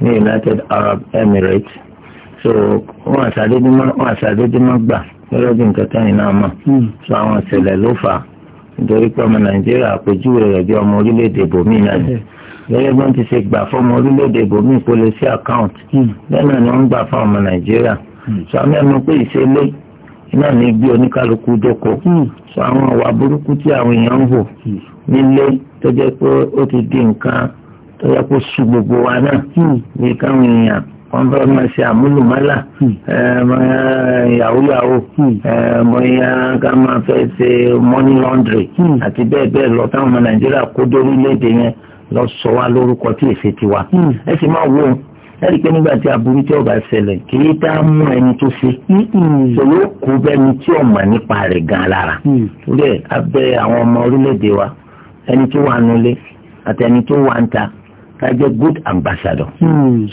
[SPEAKER 2] ní United Arab Emirates so wọn àṣàdédémọ wọn àṣàdédémọ gbà lọ́dọ̀ bí nǹkan tẹ́yìn náà mọ̀ hmm. so àwọn ìṣẹ̀lẹ̀ ló fà á nítorí pé ọmọ nàìjíríà àpèjúwe rẹ̀ bí ọmọ orílẹ̀-èdè bòmí náà ni gẹ́gẹ́ bí wọ́n ti ṣe gbà fọ́mọ orílẹ̀-èdè ibòmíì kó lè sí àkáǹtì bẹ́ẹ̀ hmm. ni wọ́n ń gbà fáwọn ọmọ nàìjíríà hmm. sọ mẹ́nu pé ìṣẹ̀lẹ̀ náà ní bí oníkálukú dóko hmm. sọ àwọn ọ̀wà burúkú tí àwọn èèyàn ń hò nílé tó jẹ́ pé ó ti di nǹkan tó yẹ kó sú gbogbo wa náà bí káwọn èèyàn wọ́n bá máa ṣe àmúlùmálà eh, eh, yahoo yahoo mọ̀nyá eh, ká máa fẹ́ ṣe money laundry àti bẹ́ẹ̀ bẹ́ẹ̀ lọ táwọn ọmọ nàìjíríà kó dórí léde yẹn lọ sọ wá lórúkọ tí èsì ti wá hmm. ẹ sì máa wò ó ẹ̀rí pé nígbà tí aburú tí ọba ṣẹlẹ̀ kì í dá mú ẹni tó ṣe ṣòro hmm. kó bẹ́ni tí ọ̀mọ̀ nípa rẹ̀ gan lára hmm. rẹ̀ abẹ́ àwọn ọmọ orílẹ̀-èdè wa ẹni tó wà nulẹ̀ àti ẹni tó wà ń ká jẹ́ good ambassador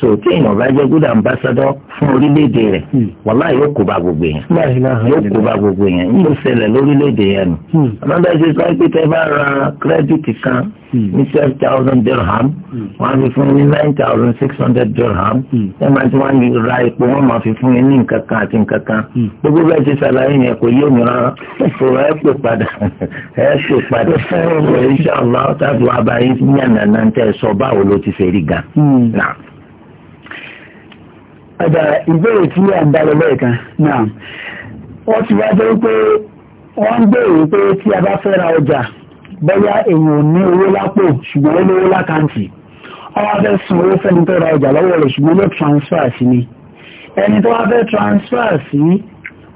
[SPEAKER 2] so tí èèyàn bá jẹ́ good ambassador fún orílẹ̀-èdè rẹ̀ wàlá yóò kó bá gbogbo yẹn yóò kó bá gbogbo yẹn yóò ṣẹlẹ̀ lórílẹ̀-èdè yẹn nù àmọ́ bẹ́ẹ̀ ṣe sọ pé tẹ́ bá ra kírẹ́dìtì kan ní hmm. twelve thousand dirham hmm. wọ́n á fi fún ní nine thousand six hundred dirham hmm. ẹ máa ti wọ́n ra epo wọ́n máa fi fún yín ní nǹkan kan àti nǹkan kan gbogbo bẹ́ẹ̀ ti ṣàlàyé yẹn kò yé mi rárá ìṣòro ẹ pè padà ẹ pè padà ṣòro ìṣàlá ọ̀tàdùn abayé ní ànànà ń tẹ̀ sọ báwo ló ti ṣe rí ga. ọ̀dà ìbéèrè tí à ń lọ lẹ́ẹ̀kan náà wọ́n ti wá dé pé wọ́n ń béèrè pé tí a bá fẹ́ ra ọjà bóyá èèyàn ní owó lápò ṣùgbọ́n ó lówó lákàǹtì ọwọ́ fẹ́ san owó fẹ́ni tó ra ọjà lọ́wọ́ rẹ̀ ṣùgbọ́n ló transfer sí ni ẹni tó wá fẹ́ transfer sí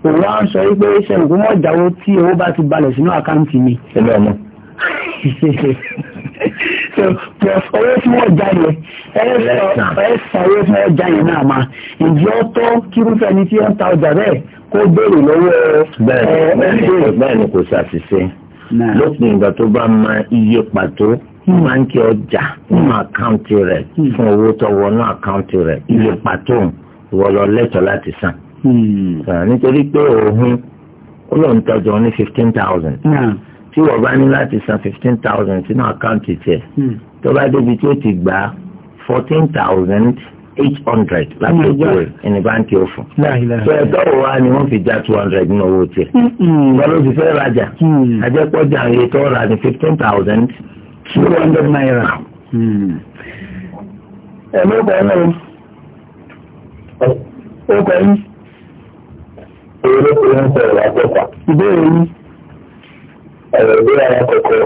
[SPEAKER 2] òun á sọ wípé ṣe nǹkan wọ́n jáwó tí owó bá ti balẹ̀ sínú àkáǹtì mi. ẹlẹ́ ọmọ. owó tí wọ́n já yẹn ẹ san owó tí wọ́n já yẹn náà máa ìjọ tó kírúfẹ́ ni tí wọ́n ta ọjà bẹ́ẹ̀ kó béèrè lọ́wọ́ ẹ̀ ẹ̀ bẹ́ẹ̀ ni kò ṣàṣìṣe lópin ìgbà tó bá mọ iye pàtó báńkì hmm. ọjà nínú hmm. àkáǹtì rẹ̀ hmm. fún owó tó wọnú àkáǹtì rẹ̀ iye pàtó ìwọ lọ lẹ́tọ̀ọ́ láti san. Ah, nítorí pé òun ó lọ ń ní fifteen thousand tí wọ́n bá ní láti san fifteen thousand sínú àkáǹtì tiẹ̀ tó bá débi tí ti gbà fourteen thousand eight hundred láti ojú rẹ̀ ẹni báńkì ó fún. sọ ẹ̀tọ́ wo wa ni wọ́n fi já two hundred nínú owó tiẹ̀. wọ́n ló fi fẹ́ rajà àjẹpọ̀jà iye tó rà ní fifteen thousand two hundred naira. ẹ ló kọ́ ẹ ó kọ́ yín.
[SPEAKER 1] èrè kò ń sọ ìwà ìbéèrè yín. ẹ̀rọ ìgbéra wọn kọ̀ọ̀kan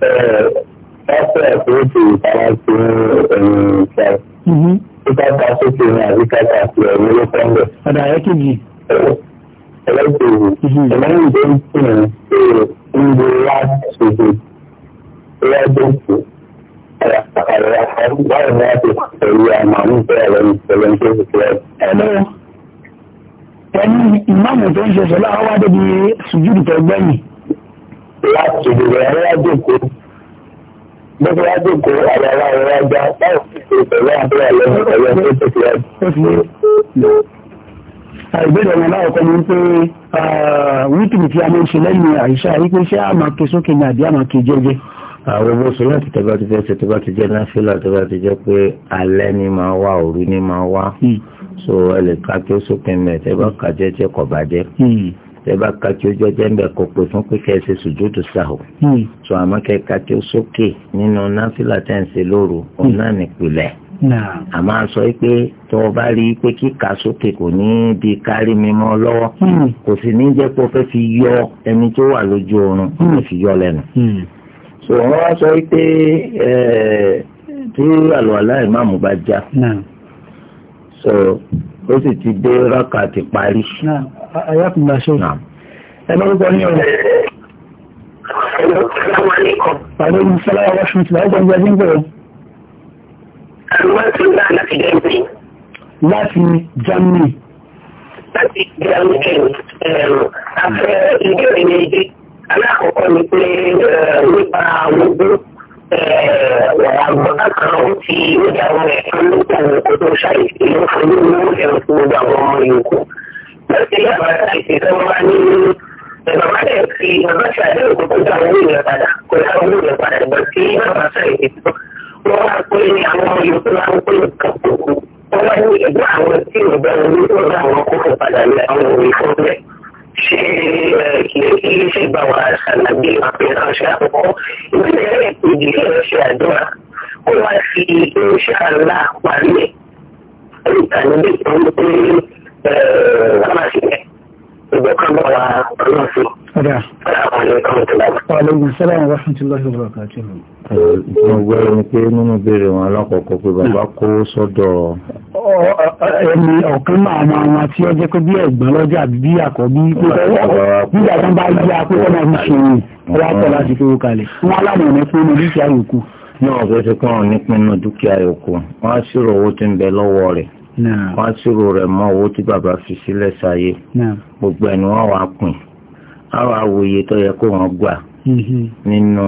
[SPEAKER 2] ẹ̀ẹ́dẹ́gbẹ̀rún tó ìtara sí ẹ̀yìn tó ṣe ní àríkàtà àti ẹ̀yìn ló fẹ́ ń bẹ̀. ọ̀dà ẹ̀kejì. ẹlẹ́gbẹ̀rún ẹlẹ́yìn tó ń sìn ń lo láṣojú lọ́dọ̀tì báwo ni a ti pẹ̀lú àmọ́ àwọn ìfẹ́ ẹ̀rọ ìṣẹ̀lẹ̀ ń tó ṣe ẹ̀rọ. ẹni ìmáàmù tó ń ṣe sọ́lá wá débi sùjúdù tó gbẹ̀yìn. láti ìdìbò bọ́sẹ̀ wá dòkó àyàwó àwọn ọjà báwo pẹ̀lú àbúrò àlọ́mọ ọ̀yọ́ tó tẹ̀síwájú. ìbéèrè ọmọ aláwọ̀ kan ní pé wítìrì tí a máa ń ṣe lẹ́yìn àìṣá wípé ṣé àmà ké sókè ní àbí àmà ké jẹ́jẹ́. àwọn owó sọ láti tẹ́bá ti fẹ́ ṣe tẹ́bá ti jẹ́ náfìlà tẹ́bá ti jẹ́ pé alẹ́ ni máa wá òru ni máa wá hmm. so ẹ lè ká ké sókè mẹ́ tẹ́bá kà jẹ́jẹ́ kọ̀ bàjẹ́. Hmm tẹ́bá ka kí ó jẹ́jẹ́ ń bẹ̀ kó pé fún pé kẹ́ ẹ ṣe sùjúdù sáhù. Hmm. sọ àmọ́ kẹ́ ka kí ó sókè nínú náfìlà tẹ́ ń ṣe lóru òun hmm. náà nìpìlẹ̀. àmọ́ a sọ pé tó o bá rí i pé kíkà sókè kò ní bí kárí mímọ́ lọ́wọ́ hmm. kò sì ní jẹ́ pé ó fẹ́ fi yọ ẹni tó wà lójú oorun ó lè fi yọ lẹ́nu. sọ wọ́n wá sọ pé tí àlùwàlá ìmáàmù bá já. sọ ó sì ti dé rákà ti parí. ẹ lórúkọ ní ọ̀rẹ́. Pàdé ní Sọlá Washington, ọgbọ̀n jẹ́ ní bẹ̀rẹ̀.
[SPEAKER 1] Àwọn tí ó bá láti Germany. Láti Germany.
[SPEAKER 2] Láti Germany, afẹ́ ìbéèrè méjì. Alákọ̀ọ́kọ́ ni pé nípa àwọn gbogbo ọ̀gbọ́n kan ti ó dáwọ́ ẹ̀ kan nígbà yòókù tó ṣàìsí ló fún ní mú ẹ̀rọ fún gbogbo àwọn ọmọ yòókù. lọ́sí yàrá ṣàìsí tó wá ní
[SPEAKER 1] bàbá rẹ̀ fi bàbá ṣàìsí òkú tó dá owó ìyẹn padà kò dá owó ìyẹn padà ìgbà tí bàbá ṣàìsí tó wọ́n wá pé ní àwọn ọmọ yòókù máa ń pè nǹkan kòkó wọ́n wá ní ẹ̀gbọ́n àwọn
[SPEAKER 2] tí ò ṣé kìí ṣe bá wa ṣàlàyé àpẹẹrẹ ṣe àkọ́kọ́ ìbílẹ̀ ìpèjì náà ṣe àdúrà ó wá fi iṣẹ́ àlá parí ẹ̀ olùkànnì lè tọ́ ní pé ká má ṣe bẹ́ẹ̀ ìgbọ̀kan bá wa ọlọ́run sí. Ọ̀dà. Àlejò sẹ́lẹ̀ rahmatullahi wa barakatuh. Mo gbẹ́rẹ̀ ni Ẹni ọ̀kan máa ma wọn tí ó jẹ́ pé bí ẹ̀gbọ́n lọ́jà àbí bí àkọ́bí nígbà tó bá yí apé máa fi ṣòwò ọwọ́ àtọ̀ láti fi kalẹ̀. Wọ́n aláwọ̀ ní pé dúkìá yòókù. Ní ọ̀gbẹ́ ti dúkìá yòókù, wọ́n á ṣírò owó tí ń bẹ lọ́wọ́ rẹ̀ wọ́n á ṣírò rẹ̀ mọ́ owó tí bàbá fi sílẹ̀ sáyé gbogbo ẹni wọ́n wá pín àwọn awòye tó yẹ kó wọ́n gbà mm-hmm. nínú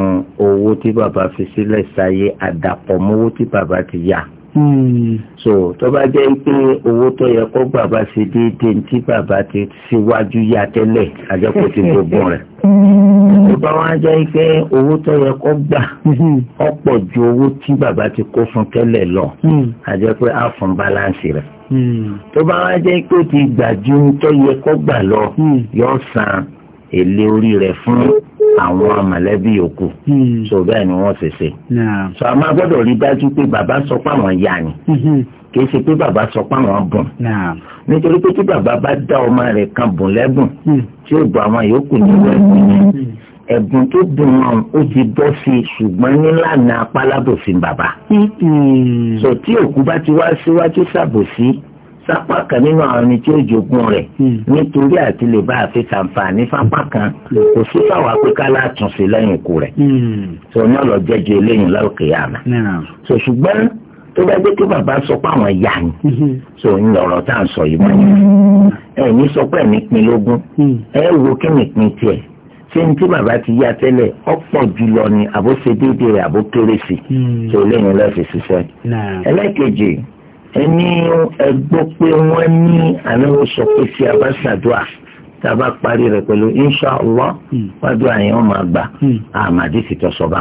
[SPEAKER 2] owó tí bàbá fi sílẹ̀ sáyé àdàpọ̀ mọ́wó tí bàbá ti yà.
[SPEAKER 1] Mm.
[SPEAKER 2] so tó bá jẹ́ pé owó tó yẹ kó bàbá ṣe déédéé tí bàbá ti síwájú yá tẹ́lẹ̀ àjẹkù ti gbogbo rẹ̀ mm-hmm bá wá jẹ́ pé owó tó yẹ kó gbà ọ̀pọ̀ hmm. ju owó tí bàbá ti kó fún tẹ́lẹ̀ lọ àjẹ́ hmm. pé á fún báláǹsì rẹ̀ hmm. tó bá wá jẹ́ pé ó ti gbà ju tó yẹ kó gbà lọ yóò san èlé orí rẹ̀ fún àwọn mọ̀lẹ́bí yòókù so bẹ́ẹ̀ ni wọ́n ṣe ṣe so a máa gbọ́dọ̀ rí dájú pé bàbá sọ pé àwọn ya ni kìí ṣe pé bàbá sọ pé àwọn bùn nítorí pé tí bàbá bá dá ọmọ rẹ̀ kan bùn lẹ́bùn tí ó bọ àwọn yòókù nínú ẹ̀bùn yẹn ẹ̀bùn tó dùn wọn ó ti bọ́ sí i ṣùgbọ́n nílànà apálábòsí bàbá. Mm-hmm. sọ tí òkú bá ti wá síwájú ṣàbòsí sápá kan nínú àwọn ẹni tí ó jogún rẹ̀ mm. nítorí àti lè bá àfi ṣàǹfààní fápá kan mm. kò sí fáwọn apẹ́ká látúnṣe lẹ́yìn ikú rẹ̀. Mm. sọ náà lọ jẹ́jọ́ eléyìí lọ́kè àná. sọ ṣùgbọ́n tó bá gbé kí bàbá sọ pé àwọn ìyá ni mm-hmm. sọ ń lọ̀rọ̀ tá à ń sọ yìí mọ́ mm-hmm. ẹ̀yìn sọ pé ẹ̀mí pin lógún ẹ̀ wo kí ni pin tiẹ̀ ṣé ní tí bàbá ti yá tẹ́lẹ̀ ọ̀pọ̀ jùlọ ni àbó ṣe déédéé rẹ̀ àbó kéré hmm. sí tó lẹ́yìn lọ́sẹ̀ ṣiṣẹ́. ẹlẹ́kejì ẹni ẹgbọ́ pé wọ́n ní ànáwó sọ pé tí a bá ṣàdúrà tá a bá parí rẹ̀ pẹ̀lú inṣàlá hmm. wájú àyàn máa gbà àmàdí hmm. sì tọ́ sọ́ba.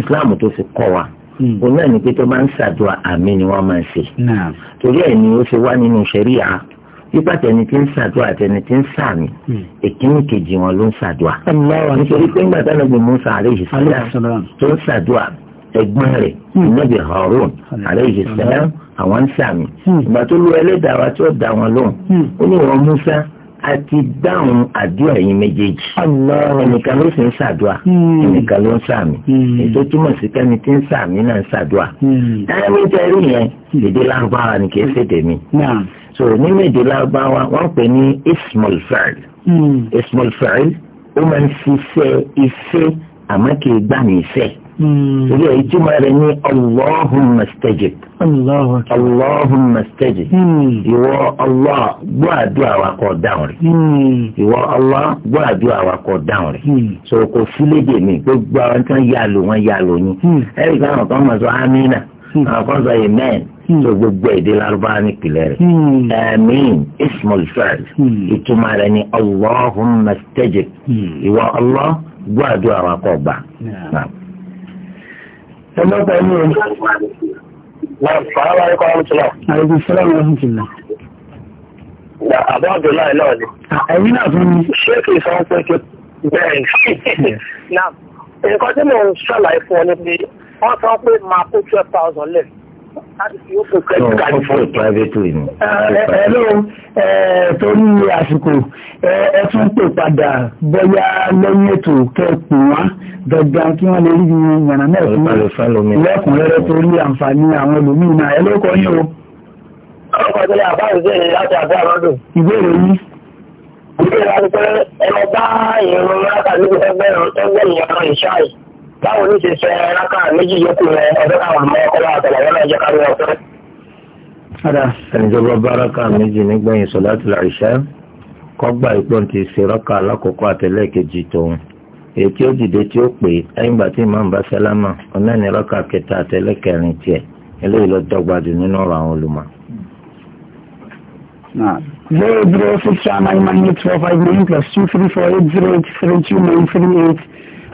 [SPEAKER 2] Islam tó fi kọ́ wa òun náà ni pé tó bá ń ṣàdúrà àmín ni wọ́n máa ń ṣe. torí ẹ̀ ni ó ṣe wá nínú ṣẹ̀ríà yípa tẹni tí ń ṣàdúrà tẹni tí ń sàmì èkíní hmm. kejì wọn ló ń ṣàdúrà. nítorí pé ńgbà tánà bí Musa alayhi salam tó ń ṣàdúrà ẹ̀gbọ́n rẹ̀ hmm. Nabi Harun alayhi salam àwọn ń sàmì. Hmm. ìgbà tó lu ẹlẹ́dàá wa tí ó wọn lóhùn ó ní wọn Musa a ti dáhùn àdúrà yín méjèèjì. ẹnìkan ló sì ń ṣàdúrà hmm. ẹnìkan ló ń ṣàmì hmm. ètò túmọ̀ sí kẹ́ni tí ń ṣàmì náà ń ṣàdúrà. táyọ̀mí hmm. tẹ́rí yẹn èdè lárúbáwá ni kìí ṣèdè mi. so nínú èdè lárúbáwá wọ́n pè ní ismol fẹ́ẹ̀l. ismol fẹ́ẹ̀l ó máa ń ṣiṣẹ́ iṣẹ́ àmọ́ kì í gbà ní iṣẹ́
[SPEAKER 1] torí ẹ̀ ìtumọ̀
[SPEAKER 2] rẹ̀ ní allahumma stajib allahumma stajib ìwọ hmm. allah gbọ́ àdúrà wa kó dáhùn rẹ̀ ìwọ allah gbọ́ àdúrà wa kó dáhùn rẹ̀ sọ̀rọ̀ kò sílédè mi gbogbo àwọn tí wọ́n yà lò wọ́n yà lò ní hmm. ẹ̀rí káwọn kan mọ̀ sọ amínà hmm. àwọn kan sọ amen so gbogbo èdè Lárúbáwá ní ìpìlẹ̀ rẹ̀ àmín ismul fa'il ìtumọ̀ rẹ̀ ní allahumma stajib ìwọ allah gbọ́ àdúrà wa kó gbà ẹlọ́pàá ẹni rẹ̀. Àbá Abdullahi náà ni. Ẹ̀yin náà fún mi. Ṣé kìí sọ pé kí bẹ́ẹ̀ ni? Nǹkan tí mo ń ṣàlàyé fún ọ ni pé wọ́n sọ pé máa kó twelve thousand lẹ́yìn. Uh, uh, uh, torí àsìkò ẹ tún pè padà bóyá lẹ́yìn ètò kẹ́ẹ̀pù wọn dandan kí wọ́n lè rí yànnà náà fún lẹ́kùnrẹ́rẹ́ torí àǹfààní àwọn ẹlòmíì náà ẹlẹ́kọ̀ọ́ yìí o. ọkọ̀ ìṣẹ̀lẹ̀ àbáyé ìṣẹ̀lẹ̀ láti àbúrò àlọ́dún. ìbéèrè yìí ìbéèrè láti pé ẹ lọ bá ìrìn láti àdúgbò tó gbẹ̀rún tó gbẹ̀yìn ọ̀rọ̀ ìṣáà yìí. báwo ló ṣe fẹ́ rákà méjì yòókù rẹ ọ̀dọ́ àwọn ọmọ ọkọ̀ àtàlà wọn náà jẹ́ ká lọ ọ̀fẹ́. Ada ẹnìjọba méjì nígbẹ̀yìn kọ́gbà ìpọ́n ti ṣe rákà alákọ̀ọ́kọ́ àtẹlẹ́ẹ̀kejì tòun èyí ó dìde tí ó pè ẹ̀yìn gbà tí ìmáàmù bá sálámà ọ̀nà ní kẹta àtẹlẹ́kẹrin tiẹ̀ eléyìí lọ dọ́gba nínú six nine nine eight four five nine plus two three four eight zero eight two three eight.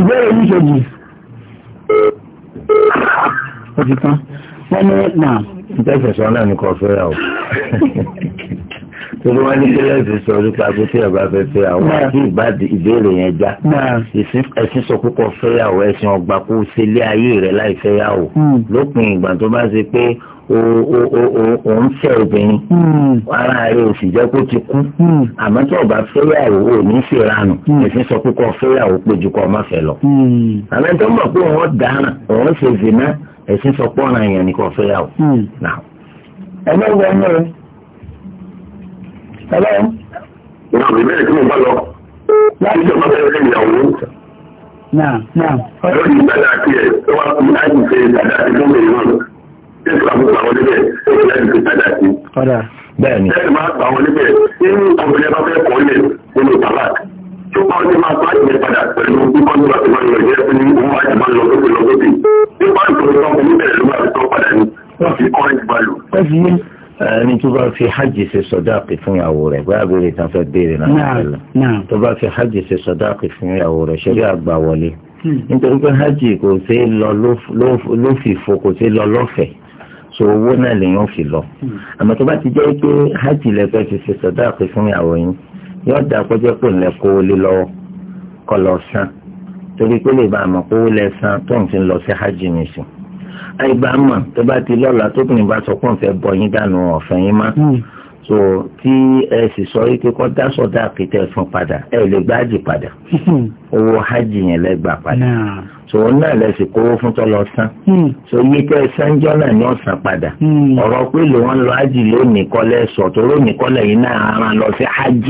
[SPEAKER 2] ìbéèrè yìí ṣèjì ọtí tán wọ́n ní nà. ìtẹ́sẹ̀sọ náà ni kò fẹ́ yà o torí wọ́n ní kílẹ̀ ti sọ nípa pé tí ẹ̀bá fẹ́ fẹ́ àwọn àti ìbádìí ìbéèrè yẹn já ẹ̀sìn sọ pé kò fẹ́ yà o ẹ̀sìn ọgbà kó sílé ayé rẹ̀ láì fẹ́ yà o hmm. lópin ìgbà tó bá ṣe pé òun fẹ́ obìnrin hmm. ara rẹ̀ ò sì jẹ́ kó ti kú hmm. àmọ́ tí ọba fẹ́yàwó ò ní fèrànù èsì hmm. sọ pé kọ́ fẹ́yàwó péjú kọ́ ọmọ fẹ́ lọ. àmọ́ tó mọ̀ pé òun dáná òun ṣe zina èsì sọ pé ọ̀ràn yẹn ni kọ́ fẹ́yàwó. ẹ̀mọ́ ìgbà ẹ̀mọ́ rẹ̀ ẹ̀lọ́. ìwà mi bẹ́ẹ̀ tí mo bá lọ láti ìjọba bẹ́ẹ̀ fẹ́ ìyàwó. ẹ̀rọ ìgbàlá àti ẹ̀ tẹ́sí àwọn àwọn oníbẹ̀ tẹ́sí láti fi padà sí. kọ́dà bẹ́ẹ̀ ni. tẹ́sí máa gba àwọn oníbẹ̀ nínú ọmọdé bá fẹ́ kọ́ lẹ̀ nínú bàbá tó bá ọdún máa tó
[SPEAKER 1] àjẹ́ padà pẹ̀lú bíbọ́ nígbà tó máa ń lọ jẹ́ fún owó àjẹ́ máa ń lọ sókè lọ sókè tó bá ìtọ́jú tó ń
[SPEAKER 2] bẹ̀rẹ̀ ló máa fi tọ́
[SPEAKER 1] padà ní wọ́n fi current
[SPEAKER 2] value. ẹni tó bá fi hajj ṣe sọdáàkì fún ìyàwó rẹ̀ bá abèrè tán fẹ́ béèrè náà tó bá fi hajj ṣe sọdáàkì fún ìyàwó rẹ̀ ṣẹlẹ̀ àgbà wọlé nítorí pé hajj kò ṣe é lọ lófìfo kò ṣe é lọ lọ́fẹ̀ẹ́ so owó náà lèyàn fi lọ àmọ́ tó bá ti jẹ́ pé hajj lẹ́fẹ́ ti ṣe sọ̀dá pé fún ìyàwó yín yóò dá kọjá pò ń lẹ kó lé lọ́wọ́ kọ́ lọ san torí pé lè bá àmọ́ kó lẹ san tó ń fi lọ sí hajj nìṣẹ́ àìgbà mọ̀ tó bá ti lọ́la tóbìnrin bá sọ pé òun fẹ́ bọ yín dànù ọ̀fẹ́ yín má hmm. so tí ẹ sì sọ wípé kọ́ dá fún padà ẹ lè gbájì padà owó hajj yẹn lẹ gbà padà so òun náà lẹ sì kówó fún tọ́lọ san so iye tẹ́ sanjọ́ náà ni padà ọ̀rọ̀ pé ló lọ hajj lónìí kọ́lẹ̀ sọ tó lónìí lọ sí hajj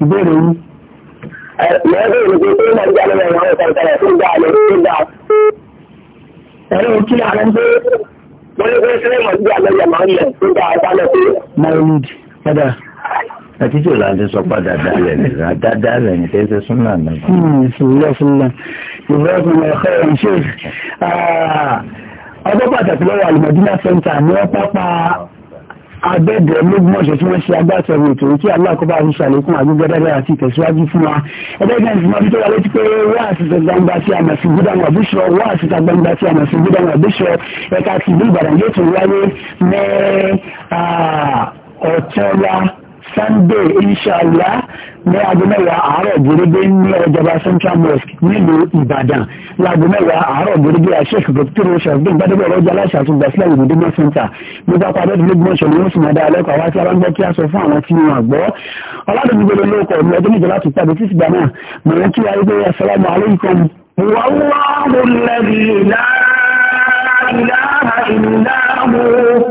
[SPEAKER 2] ló mọ̀ ẹ́ bẹ́ẹ̀ ni pé ó máa ń jáde lọ́wọ́ àwọn ìtàkàrà tó dáa lọ tó dáa. ẹ̀rọ kí ara ń pé wọ́n ní pé sílẹ̀mọ̀ sí àlọ́yà máa ń lẹ̀ tó dáa sálẹ̀ pé. maulid padà àti tí òlà ti sọ padà dálẹ̀ nìyà dálẹ̀ ní tẹ́ ṣe súnà náà. ṣùgbọ́n súnà ìbúrẹ́kùn ẹ̀kọ́ ẹ̀ ń ọjọ́ pàtàkì lọ́wọ́ àlùmọ̀dínà sẹ́ńtà ní ọ agbẹ́bẹ̀ lógúnmọ̀ṣẹ̀ tí wọ́n ṣe agbátẹrù ètò tí aláàkọ́bá ń ṣàlékún agbẹ́gbẹ́dẹ́gbẹ́ àti ìtẹ̀síwájú fún wa ẹgbẹ́gbẹ́ ìfúnmọ́ tó wà létí pé wáàsìtà gbangba tí a mọ̀ sí gúdàmù àbúṣọ wáàsìtà gbangba tí a mọ̀ sí gúdàmù àbúṣọ ẹ̀ka ti ìlú Ìbàdàn yóò tún wáyé ní ọ̀tọ́lá sunday inshallah ní aago mẹ́wàá àárọ̀ gẹ́gẹ́ ní ọjọba central mosque nílùú ìbàdàn láago mẹ́wàá àárọ̀ gẹ́gẹ́ àṣẹ́kù dr shafdin gbadebo ọlọ́jà aláṣà àtúgbà sílẹ̀ ìbùdó mọ́ center nípa padà tó lóògùn ọ̀ṣọ́ ni wọ́n sì máa dá ẹlẹ́kọ̀ọ́ wá sí alágbọ́ kí a sọ fún àwọn tí wọn gbọ́ ọlọ́dún gbogbo lóko ní ọdún ìjọba tó pàdé títí gbà náà mọ̀ ní kí wáyé
[SPEAKER 1] pé